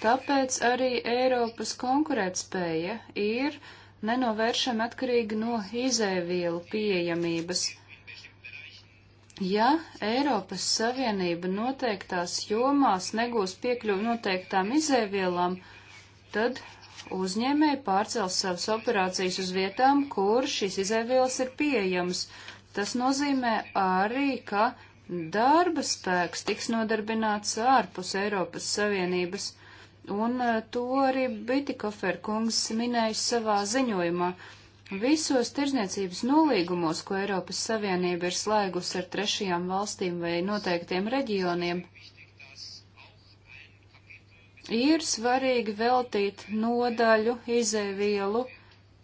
tāpēc arī Eiropas konkurētspēja ir nenovēršami atkarīga no izēvielu pieejamības. Ja Eiropas Savienība noteiktās jomās negūs piekļuvi noteiktām izēvielām, tad uzņēmēji pārcels savas operācijas uz vietām, kur šīs izēvielas ir pieejamas. Tas nozīmē arī, ka darba spēks tiks nodarbināts ārpus Eiropas Savienības, un eh, to arī Bitikofer kungs minējis savā ziņojumā. Visos tirzniecības nolīgumos, ko Eiropas Savienība ir slēgusi ar trešajām valstīm vai noteiktiem reģioniem, ir svarīgi veltīt nodaļu izēvielu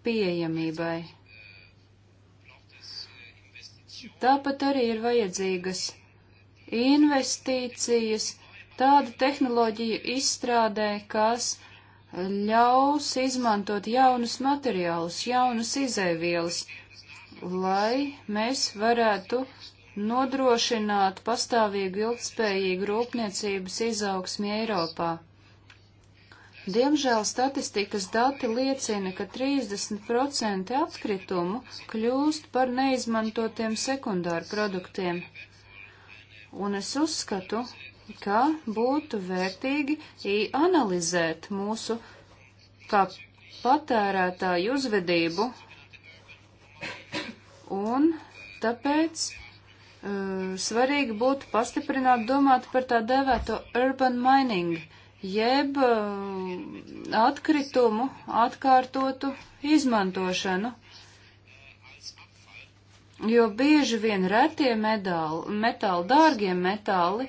pieejamībai. Tāpat arī ir vajadzīgas investīcijas tādu tehnoloģiju izstrādē, kas ļaus izmantot jaunus materiālus, jaunus izēvielas, lai mēs varētu nodrošināt pastāvīgu ilgspējīgu rūpniecības izaugsmi Eiropā. Diemžēl statistikas dati liecina, ka 30% atkritumu kļūst par neizmantotiem sekundāru produktiem. Un es uzskatu, ka būtu vērtīgi analizēt mūsu kā patērētāju uzvedību un tāpēc uh, svarīgi būtu pastiprināt domāt par tā dēvēto urban mining jeb uh, atkritumu atkārtotu izmantošanu. Jo bieži vien retie medāli, metāli, dārgie metāli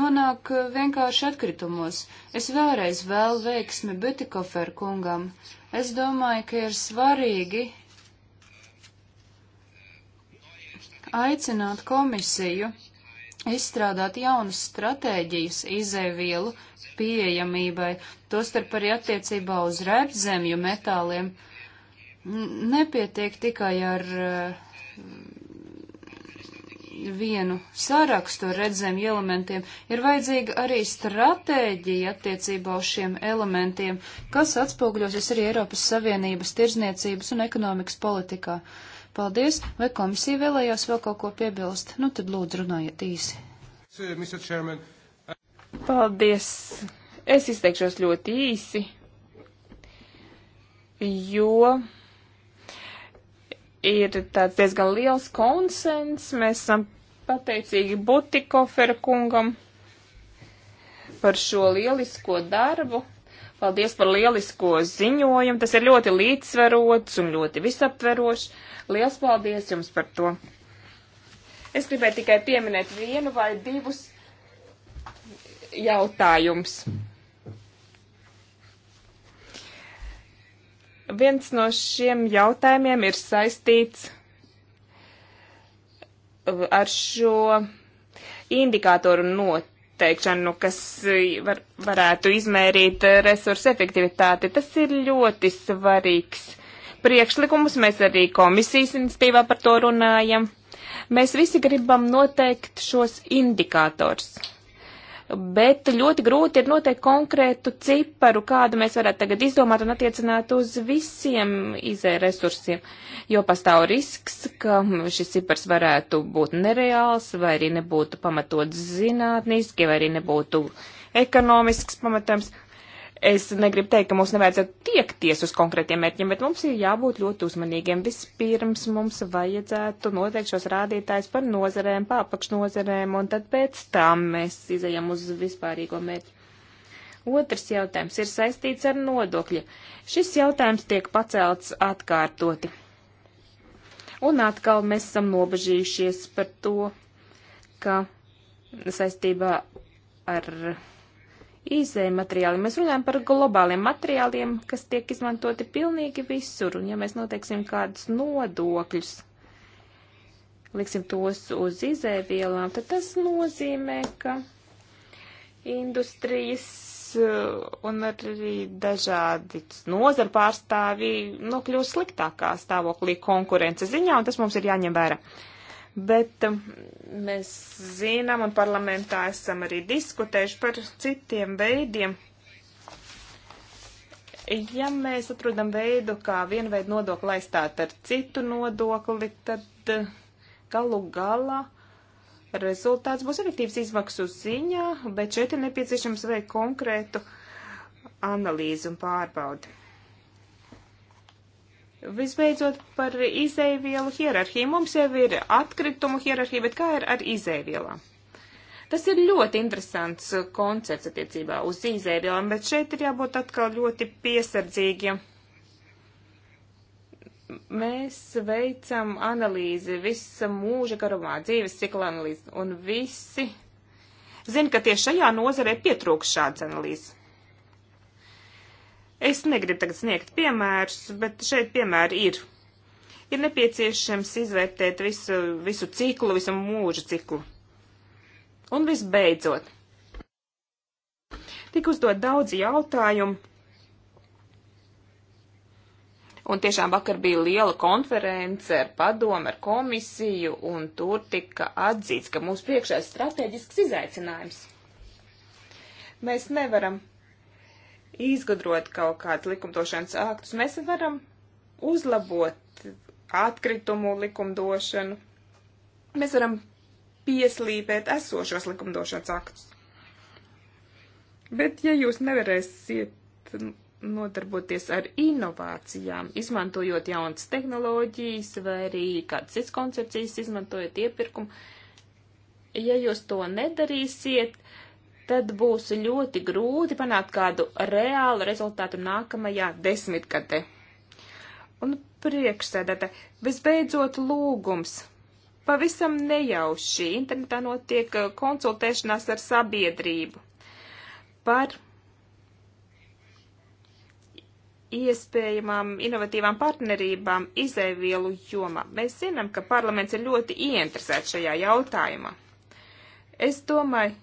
nonāk uh, vienkārši atkritumos. Es vēlreiz vēl veiksmi Bütikofer kungam. Es domāju, ka ir svarīgi aicināt komisiju izstrādāt jaunas stratēģijas izēvielu pieejamībai, tostarp arī attiecībā uz rēpzemju metāliem. Nepietiek tikai ar eh, vienu sarakstu ar redzējumu elementiem, ir vajadzīga arī stratēģija attiecībā uz šiem elementiem, kas atspoguļosies arī Eiropas Savienības tirzniecības un ekonomikas politikā. Paldies, vai komisija vēlējās vēl kaut ko piebilst? Nu tad lūdzu runājiet īsi. Mr. Chairman, Paldies! Es izteikšos ļoti īsi, jo ir tāds diezgan liels konsens. Mēs esam pateicīgi Butikofera kungam par šo lielisko darbu. Paldies par lielisko ziņojumu. Tas ir ļoti līdzsvarots un ļoti visaptverošs. Lielas paldies jums par to. Es gribēju tikai pieminēt vienu vai divus jautājums. Viens no šiem jautājumiem ir saistīts ar šo indikātoru noteikšanu, kas var, varētu izmērīt resursu efektivitāti. Tas ir ļoti svarīgs priekšlikums. Mēs arī komisijas iniciatīvā par to runājam. Mēs visi gribam noteikt šos indikātors bet ļoti grūti ir noteikt konkrētu ciparu, kādu mēs varētu tagad izdomāt un attiecināt uz visiem izē resursiem, jo pastāv risks, ka šis cipars varētu būt nereāls, vai arī nebūtu pamatots zinātniski, vai arī nebūtu ekonomisks pamatojums. Es negribu teikt, ka mums nevajadzētu tiekties uz konkrētiem mērķiem, bet mums ir jābūt ļoti uzmanīgiem. Vispirms mums vajadzētu noteikt šos rādītājus par nozerēm, pārpakšnozerēm, un tad pēc tam mēs izējām uz vispārīgo mērķi. Otrs jautājums ir saistīts ar nodokļu. Šis jautājums tiek pacelts atkārtoti. Un atkal mēs esam nobežījušies par to, ka saistībā ar izēja materiāli. Mēs runājam par globāliem materiāliem, kas tiek izmantoti pilnīgi visur, un ja mēs noteiksim kādus nodokļus, liksim tos uz izēvielām, tad tas nozīmē, ka industrijas uh, un arī dažādi nozara pārstāvji nokļūst nu, sliktākā stāvoklī konkurences ziņā, un tas mums ir jāņem vērā. Uh, bet um, mēs zinām un parlamentā esam arī diskutējuši par citiem veidiem. Ja mēs atrodam veidu, kā vienu veidu nodokli aizstāt ar citu nodokli, tad uh, galu galā rezultāts būs efektīvs izmaksu ziņā, bet šeit ir nepieciešams veikt konkrētu analīzi un pārbaudi. Visbeidzot, par izēvielu hierarhiju. Mums jau ir atkritumu hierarhija, bet kā ir ar izēvielām? Tas ir ļoti interesants uh, koncepts attiecībā uz izēvielām, bet šeit ir jābūt atkal ļoti piesardzīgiem. Mēs veicam analīzi visa mūža garumā, dzīves cikla analīzi, un visi zina, ka tieši šajā nozarē pietrūks šāds analīzes Es negribu tagad sniegt piemērus, bet šeit piemēri ir. Ir nepieciešams izvērtēt visu, visu ciklu, visu mūža ciklu. Un visbeidzot, tik uzdot daudz jautājumu. Un tiešām vakar bija liela konference ar padomu, ar komisiju, un tur tika atzīts, ka mums priekšā ir strateģisks izaicinājums. Mēs nevaram izgudrot kaut kādus likumdošanas aktus. Mēs varam uzlabot atkritumu likumdošanu. Mēs varam pieslīpēt esošos likumdošanas aktus. Bet, ja jūs nevarēsiet nodarboties ar inovācijām, izmantojot jaunas tehnoloģijas vai arī kādas cits koncepcijas, izmantojot iepirkumu, ja jūs to nedarīsiet, tad būs ļoti grūti panākt kādu reālu rezultātu nākamajā desmitgadē. Un priekšsēdētā, visbeidzot lūgums. Pavisam nejauši internetā notiek uh, konsultēšanās ar sabiedrību par iespējamām inovatīvām partnerībām izēvielu jomā. Mēs zinām, ka parlaments ir ļoti ieinteresēts šajā jautājumā. Es domāju,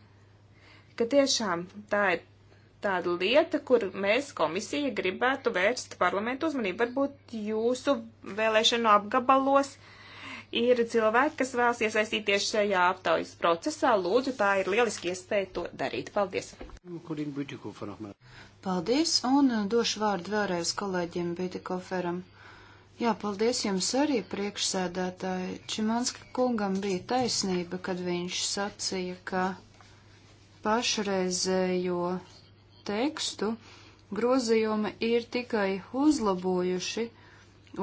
ka tiešām tā ir tāda lieta, kur mēs komisija gribētu vērst parlamentu uzmanību. Varbūt jūsu vēlēšanu apgabalos ir cilvēki, kas vēlas iesaistīties šajā aptaujas procesā. Lūdzu, tā ir lieliski iespēja to darīt. Paldies! Paldies, un uh, došu vārdu vēlreiz kolēģim Bitikoferam. Jā, paldies jums arī, priekšsēdētāji. Čimanska kungam bija taisnība, kad viņš sacīja, ka pašreizējo tekstu grozījumi ir tikai uzlabojuši,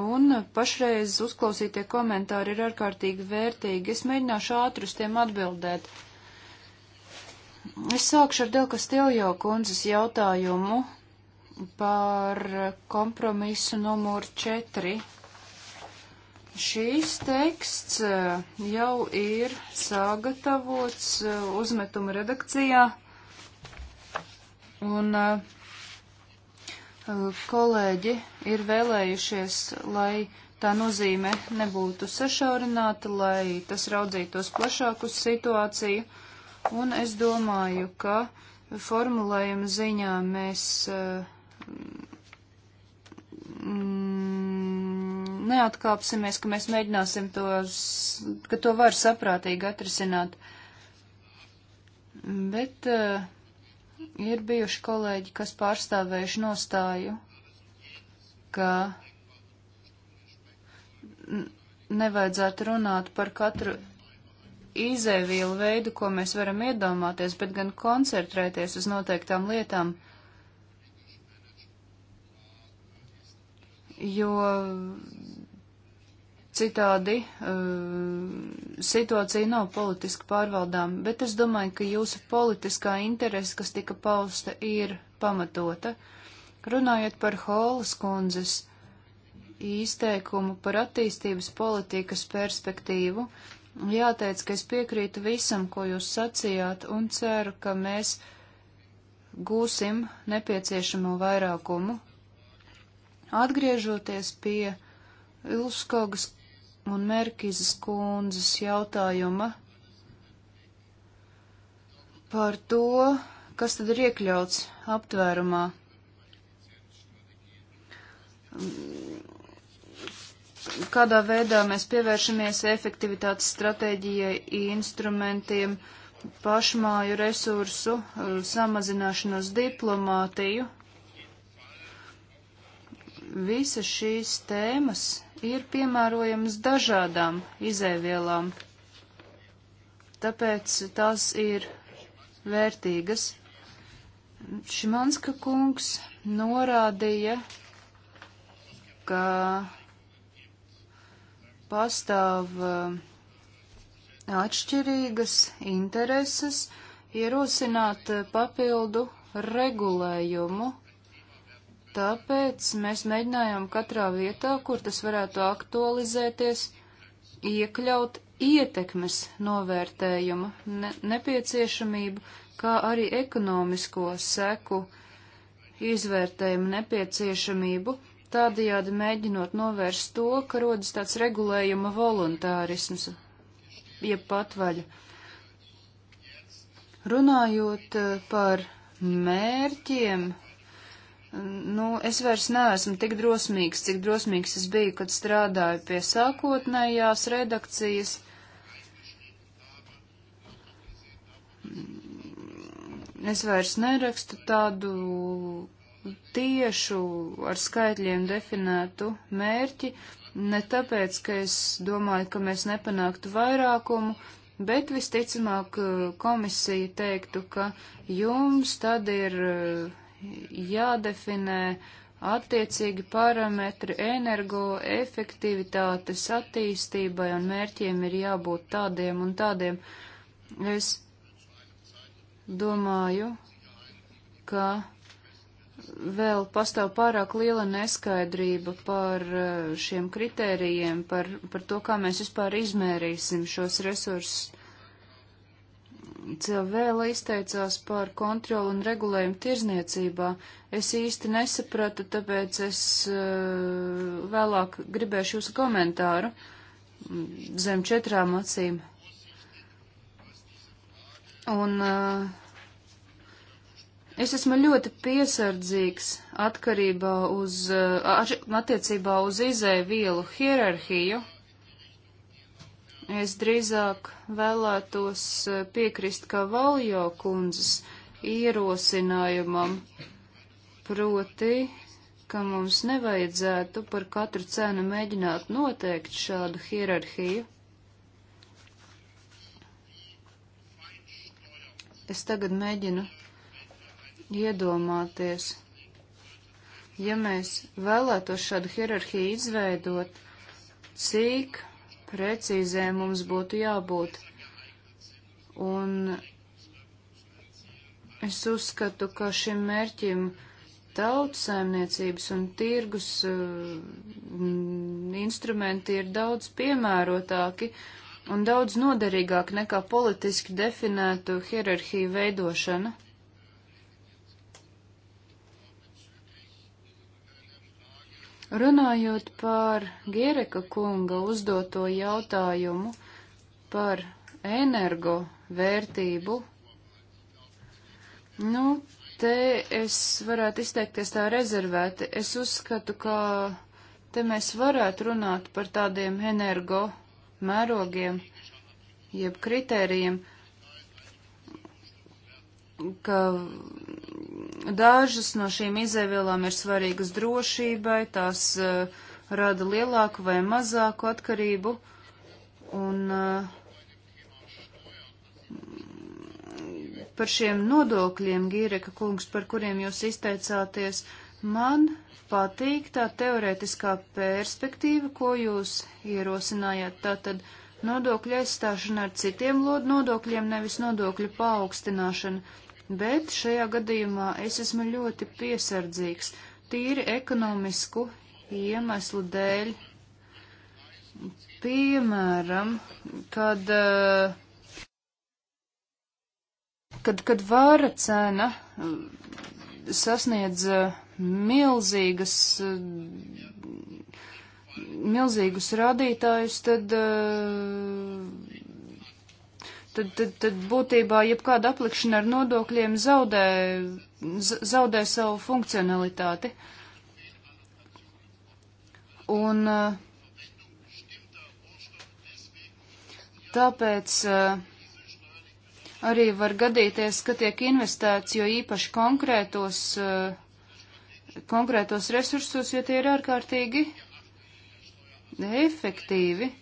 un pašreiz uzklausītie komentāri ir ārkārtīgi vērtīgi. Es mēģināšu ātri uz tiem atbildēt. Es sākšu ar Delka Stiljo kundzes jautājumu par kompromisu numuru 4 Šīs teksts eh, jau ir sagatavots eh, uzmetuma redakcijā, un eh, kolēģi ir vēlējušies, lai tā nozīme nebūtu sašaurināta, lai tas raudzītos plašāk uz situāciju, un es domāju, ka formulējuma ziņā mēs mm, neatkāpsimies, ka mēs mēģināsim to, ka to var saprātīgi atrisināt. Bet uh, ir bijuši kolēģi, kas pārstāvējuši nostāju, ka nevajadzētu runāt par katru izēvielu veidu, ko mēs varam iedomāties, bet gan koncentrēties uz noteiktām lietām, jo Citādi uh, situācija nav politiski pārvaldām, bet es domāju, ka jūsu politiskā interese, kas tika pausta, ir pamatota. Runājot par Holas kundzes izteikumu par attīstības politikas perspektīvu, jāteic, ka es piekrītu visam, ko jūs sacījāt, un ceru, ka mēs gūsim nepieciešamo vairākumu. Atgriežoties pie Ilskogas un Merkizas kundzes jautājuma par to, kas tad ir iekļauts aptvērumā. Kādā veidā mēs pievēršamies efektivitātes stratēģijai, instrumentiem, pašmāju resursu, samazināšanos diplomātiju visas šīs tēmas ir piemērojamas dažādām izēvielām, tāpēc tās ir vērtīgas. Šimanska kungs norādīja, ka pastāv uh, atšķirīgas intereses ierosināt uh, papildu regulējumu Tāpēc mēs mēģinājām katrā vietā, kur tas varētu aktualizēties, iekļaut ietekmes novērtējumu ne nepieciešamību, kā arī ekonomisko seku izvērtējumu nepieciešamību, tādajādi mēģinot novērst to, ka rodas tāds regulējuma voluntārisms, jeb patvaļa. Runājot eh, par mērķiem Nu, es vairs neesmu tik drosmīgs, cik drosmīgs es biju, kad strādāju pie sākotnējās redakcijas. Es vairs nerakstu tādu tiešu ar skaitļiem definētu mērķi, ne tāpēc, ka es domāju, ka mēs nepanāktu vairākumu, bet visticamāk eh, komisija teiktu, ka jums tad ir eh, jādefinē attiecīgi parametri energoefektivitātes attīstībai un mērķiem ir jābūt tādiem un tādiem. Es domāju, ka vēl pastāv pārāk liela neskaidrība par eh, šiem kritērijiem, par, par to, kā mēs vispār izmērīsim šos resursus. Cilvēle izteicās par kontroli un regulējumu tirzniecībā. Es īsti nesapratu, tāpēc es eh, vēlāk gribēšu jūsu komentāru mm, zem četrām acīm. Un eh, es esmu ļoti piesardzīgs atkarībā uz, eh, attiecībā uz izēvielu hierarhiju Es drīzāk vēlētos eh, piekrist Kavaljo kundzes ierosinājumam, proti, ka mums nevajadzētu par katru cenu mēģināt noteikt šādu hierarhiju. Es tagad mēģinu iedomāties, ja mēs vēlētos šādu hierarhiju izveidot, cik precīzēm mums būtu jābūt. Un es uzskatu, ka šim mērķim tautsēmniecības un tirgus uh, instrumenti ir daudz piemērotāki un daudz noderīgāk nekā politiski definētu hierarhiju veidošana. Runājot par Giereka kunga uzdoto jautājumu par energo vērtību, nu, te es varētu izteikties tā rezervēti. Es uzskatu, ka te mēs varētu runāt par tādiem energo mērogiem, jeb kritērijiem, ka Dažas no šīm izēvielām ir svarīgas drošībai, tās uh, rada lielāku vai mazāku atkarību, un uh, par šiem nodokļiem, Gīreka kungs, par kuriem jūs izteicāties, man patīk tā teorētiskā perspektīva, ko jūs ierosinājāt. Tātad nodokļu aizstāšana ar citiem nodokļiem, nevis nodokļu paaugstināšana bet šajā gadījumā es esmu ļoti piesardzīgs, tīri ekonomisku iemeslu dēļ. Piemēram, kad, eh, kad, kad vāra cena eh, sasniedz eh, milzīgas, milzīgus rādītājus, tad uh, tad, tad, tad būtībā jebkāda aplikšana ar nodokļiem zaudē, zaudē savu funkcionalitāti. Un eh, tāpēc eh, arī var gadīties, ka tiek investēts jo īpaši konkrētos, eh, konkrētos resursos, jo tie ir ārkārtīgi efektīvi.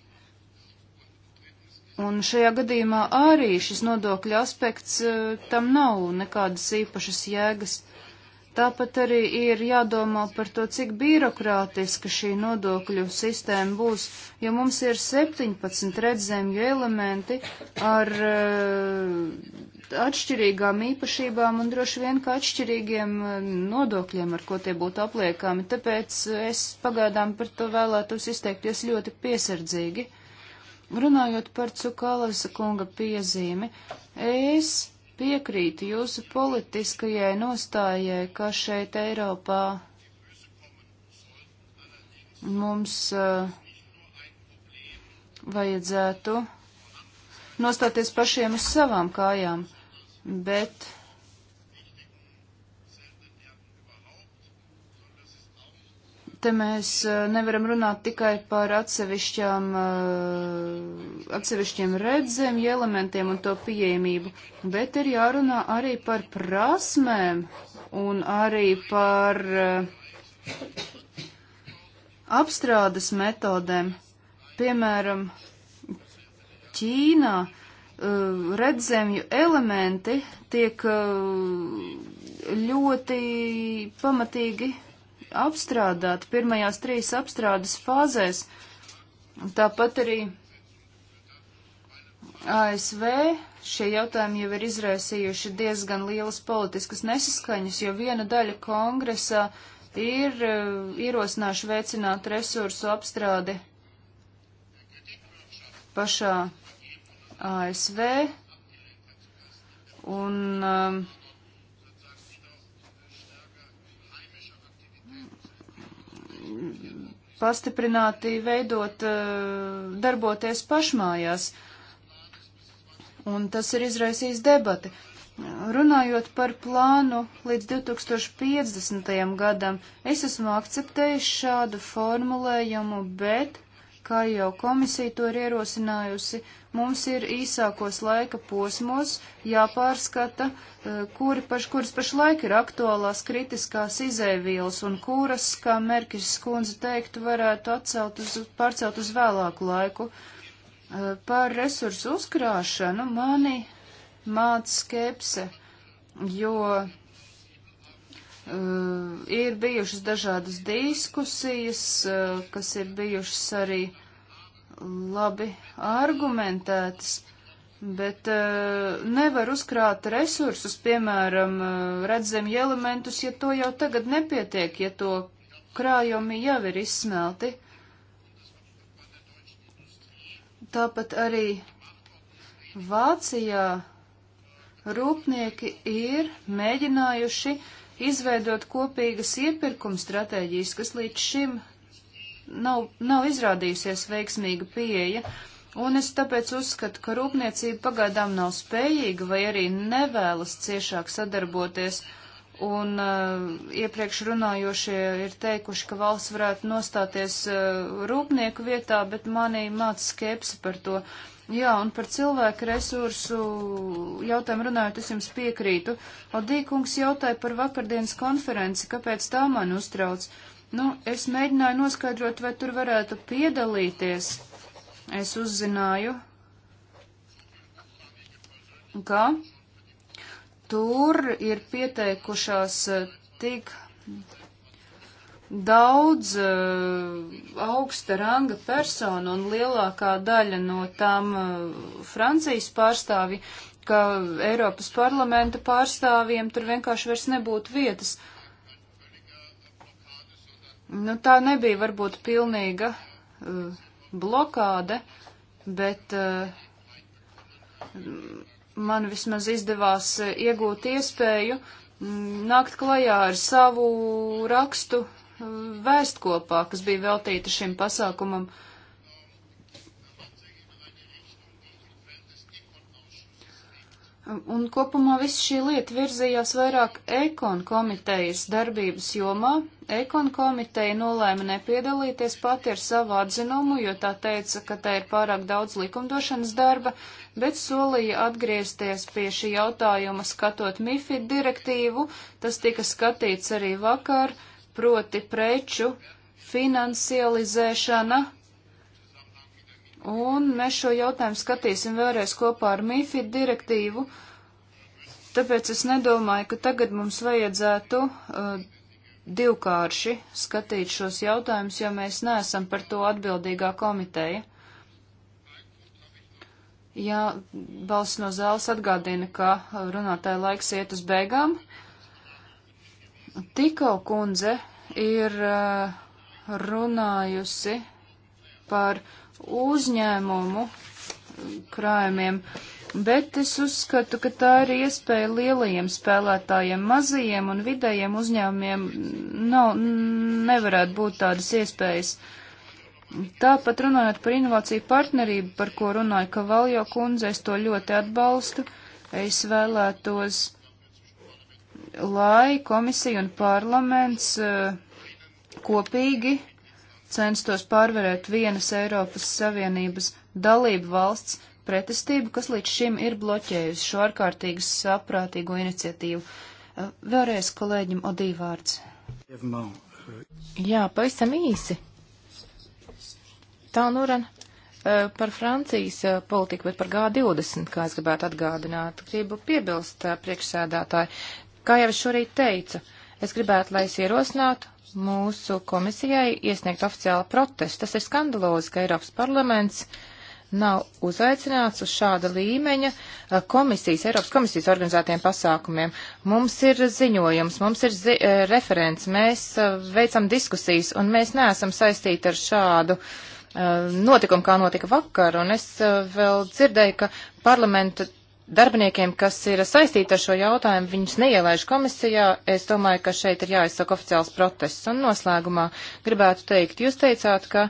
Un šajā gadījumā arī šis nodokļu aspekts e, tam nav nekādas īpašas jēgas. Tāpat arī ir jādomā par to, cik birokrātiska šī nodokļu sistēma būs, jo mums ir 17 redzēmju elementi ar e, atšķirīgām īpašībām un droši vien kā atšķirīgiem e, nodokļiem, ar ko tie būtu apliekami. Tāpēc es pagaidām par to vēlētos izteikties ļoti piesardzīgi. Runājot par Cukalasa kunga piezīmi, es piekrītu jūsu politiskajai nostājai, ka šeit Eiropā mums uh, vajadzētu nostāties pašiem uz savām kājām, bet te mēs nevaram runāt tikai par atsevišķām, atsevišķiem redzēm, elementiem un to pieejamību, bet ir jārunā arī par prasmēm un arī par apstrādes metodēm. Piemēram, Ķīnā redzēmju elementi tiek ļoti pamatīgi apstrādāti pirmajās trīs apstrādes fāzēs. Tāpat arī ASV šie jautājumi jau ir izraisījuši diezgan lielas politiskas nesaskaņas, jo viena daļa kongresā ir e, ierosinājuši veicināt resursu apstrādi pašā ASV. Un uh, um, pastiprināti veidot, eh, darboties pašmājās. Un tas ir izraisījis debati. Runājot par plānu līdz 2050. gadam, es esmu akceptējis šādu formulējumu, bet Kā jau komisija to ir ierosinājusi, mums ir īsākos laika posmos jāpārskata, e, kuri paš, kuras pašlaik ir aktuālās kritiskās izēvielas un kuras, kā Merkis skundze teiktu, varētu atcelt uz, pārcelt uz vēlāku laiku. E, par resursu uzkrāšanu mani māca skepse, jo Eh, ir bijušas dažādas diskusijas, eh, kas ir bijušas arī labi argumentētas, bet eh, nevar uzkrāt resursus, piemēm, redzami elementus, ja to jau tagad nepietiek, ja to krājumi jau ir izsmelti. Tāpat arī Vācijā rūpnieki ir mēģinājuši uh, izveidot kopīgas iepirkuma stratēģijas, kas līdz šim nav, nav izrādījusies veiksmīga pieeja, un es tāpēc uzskatu, ka rūpniecība pagaidām nav spējīga vai arī nevēlas ciešāk sadarboties, un uh, iepriekš runājošie ir teikuši, ka valsts varētu nostāties uh, rūpnieku vietā, bet manī māca skepsi par to. Uh, Jā, un par cilvēku resursu jautājumu runājot, es jums piekrītu. Aldīkungs jautāja par vakardienas konferenci, kāpēc tā man uztrauc. Nu, es mēģināju noskaidrot, vai tur varētu piedalīties. Es uzzināju, ka tur ir pieteikušās tik daudz uh, augsta ranga personu un lielākā daļa no tām uh, Francijas pārstāvi, ka Eiropas parlamenta pārstāvjiem tur vienkārši vairs nebūtu vietas. Nu, tā nebija varbūt pilnīga uh, blokāde, bet uh, man vismaz izdevās iegūt iespēju mm, nākt klajā ar savu rakstu vēstkopā, kas bija veltīta šim pasākumam. Un kopumā viss šī lieta virzījās vairāk ekon komitejas darbības jomā. Ekon komiteja nolēma nepiedalīties pati ar savu atzinumu, jo tā teica, ka tā ir pārāk daudz likumdošanas darba, bet solīja atgriezties pie šī jautājuma skatot MIFID direktīvu. Tas tika skatīts arī vakar. Uh, proti preču finansializēšana. Un mēs šo jautājumu skatīsim vēlreiz kopā ar MIFID direktīvu, tāpēc es nedomāju, ka tagad mums vajadzētu uh, divkārši skatīt šos jautājumus, jo mēs neesam par to atbildīgā komiteja. Jā, balss no zāles atgādina, ka runātāja laiks iet uz beigām. Uh, Tikau kundze ir eh, runājusi par uzņēmumu eh, krājumiem, bet es uzskatu, ka tā ir iespēja lielajiem spēlētājiem, mazajiem un vidējiem uzņēmumiem nav, nevarētu būt tādas iespējas. Tāpat runājot par inovāciju partnerību, par ko runāja Kavaljo kundze, es to ļoti atbalstu. Es vēlētos lai komisija un parlaments eh, kopīgi censtos pārvarēt vienas Eiropas Savienības dalību valsts pretestību, kas līdz šim ir bloķējusi šo ārkārtīgi saprātīgo iniciatīvu. Eh, vēlreiz kolēģim Odī vārds. Jā, pavisam īsi. Tā norana nu eh, par Francijas politiku, bet par G20, kā es gribētu atgādināt. Gribu piebilst priekšsēdētāji, Kā jau es šorīt teicu, es gribētu, lai es ierosinātu mūsu komisijai iesniegt oficiālu protestu. Tas ir skandalozi, ka Eiropas parlaments nav uzaicināts uz šāda līmeņa eh, komisijas, Eiropas komisijas organizētiem pasākumiem. Mums ir ziņojums, mums ir zi eh, referents, mēs eh, veicam diskusijas un mēs neesam saistīti ar šādu notikumu, kā notika vakar. Un es vēl dzirdēju, ka parlamenta darbiniekiem, kas ir saistīti ar šo jautājumu, viņus neielaiž komisijā. Es domāju, ka šeit ir jāizsaka oficiāls protests. Un noslēgumā gribētu teikt, jūs teicāt, ka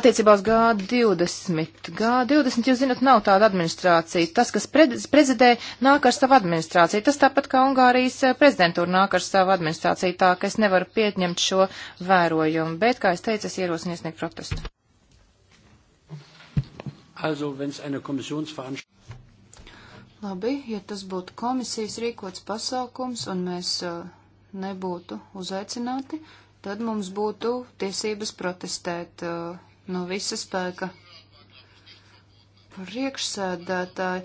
attiecībā uz G20, G20, jūs zinat, nav tāda administrācija. Tas, kas prezidē, nāk ar savu administrāciju. Tas tāpat kā Ungārijas eh, prezidentūra nāk ar savu administrāciju, tā ka es nevaru pieņemt šo vērojumu. Bet, kā es teicu, es ierosinu iesniegt protestu. Also, wenn es eine Kommissionsveranstaltung. Labi, ja tas būtu komisijas rīkots pasākums un mēs uh, nebūtu uzaicināti, tad mums būtu tiesības protestēt uh, no visa spēka. Priekšsēdētāji,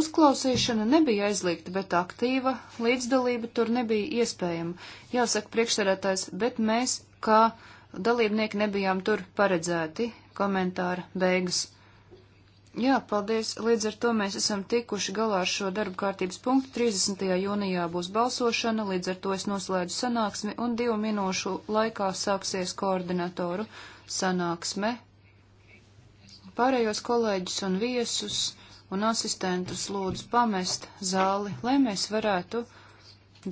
uzklausīšana nebija aizliegta, bet aktīva līdzdalība tur nebija iespējama. Jāsaka, priekšsēdētājs, bet mēs, kā dalībnieki, nebijām tur paredzēti. Komentāra beigas. Jā, paldies. Līdz ar to mēs esam tikuši galā ar šo darbu kārtības punktu. 30. jūnijā būs balsošana, līdz ar to es noslēdzu sanāksmi un divu minūšu laikā sāksies koordinatoru sanāksme. Pārējos kolēģus un viesus un asistentus lūdzu pamest zāli, lai mēs varētu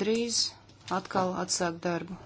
drīz atkal atsākt darbu.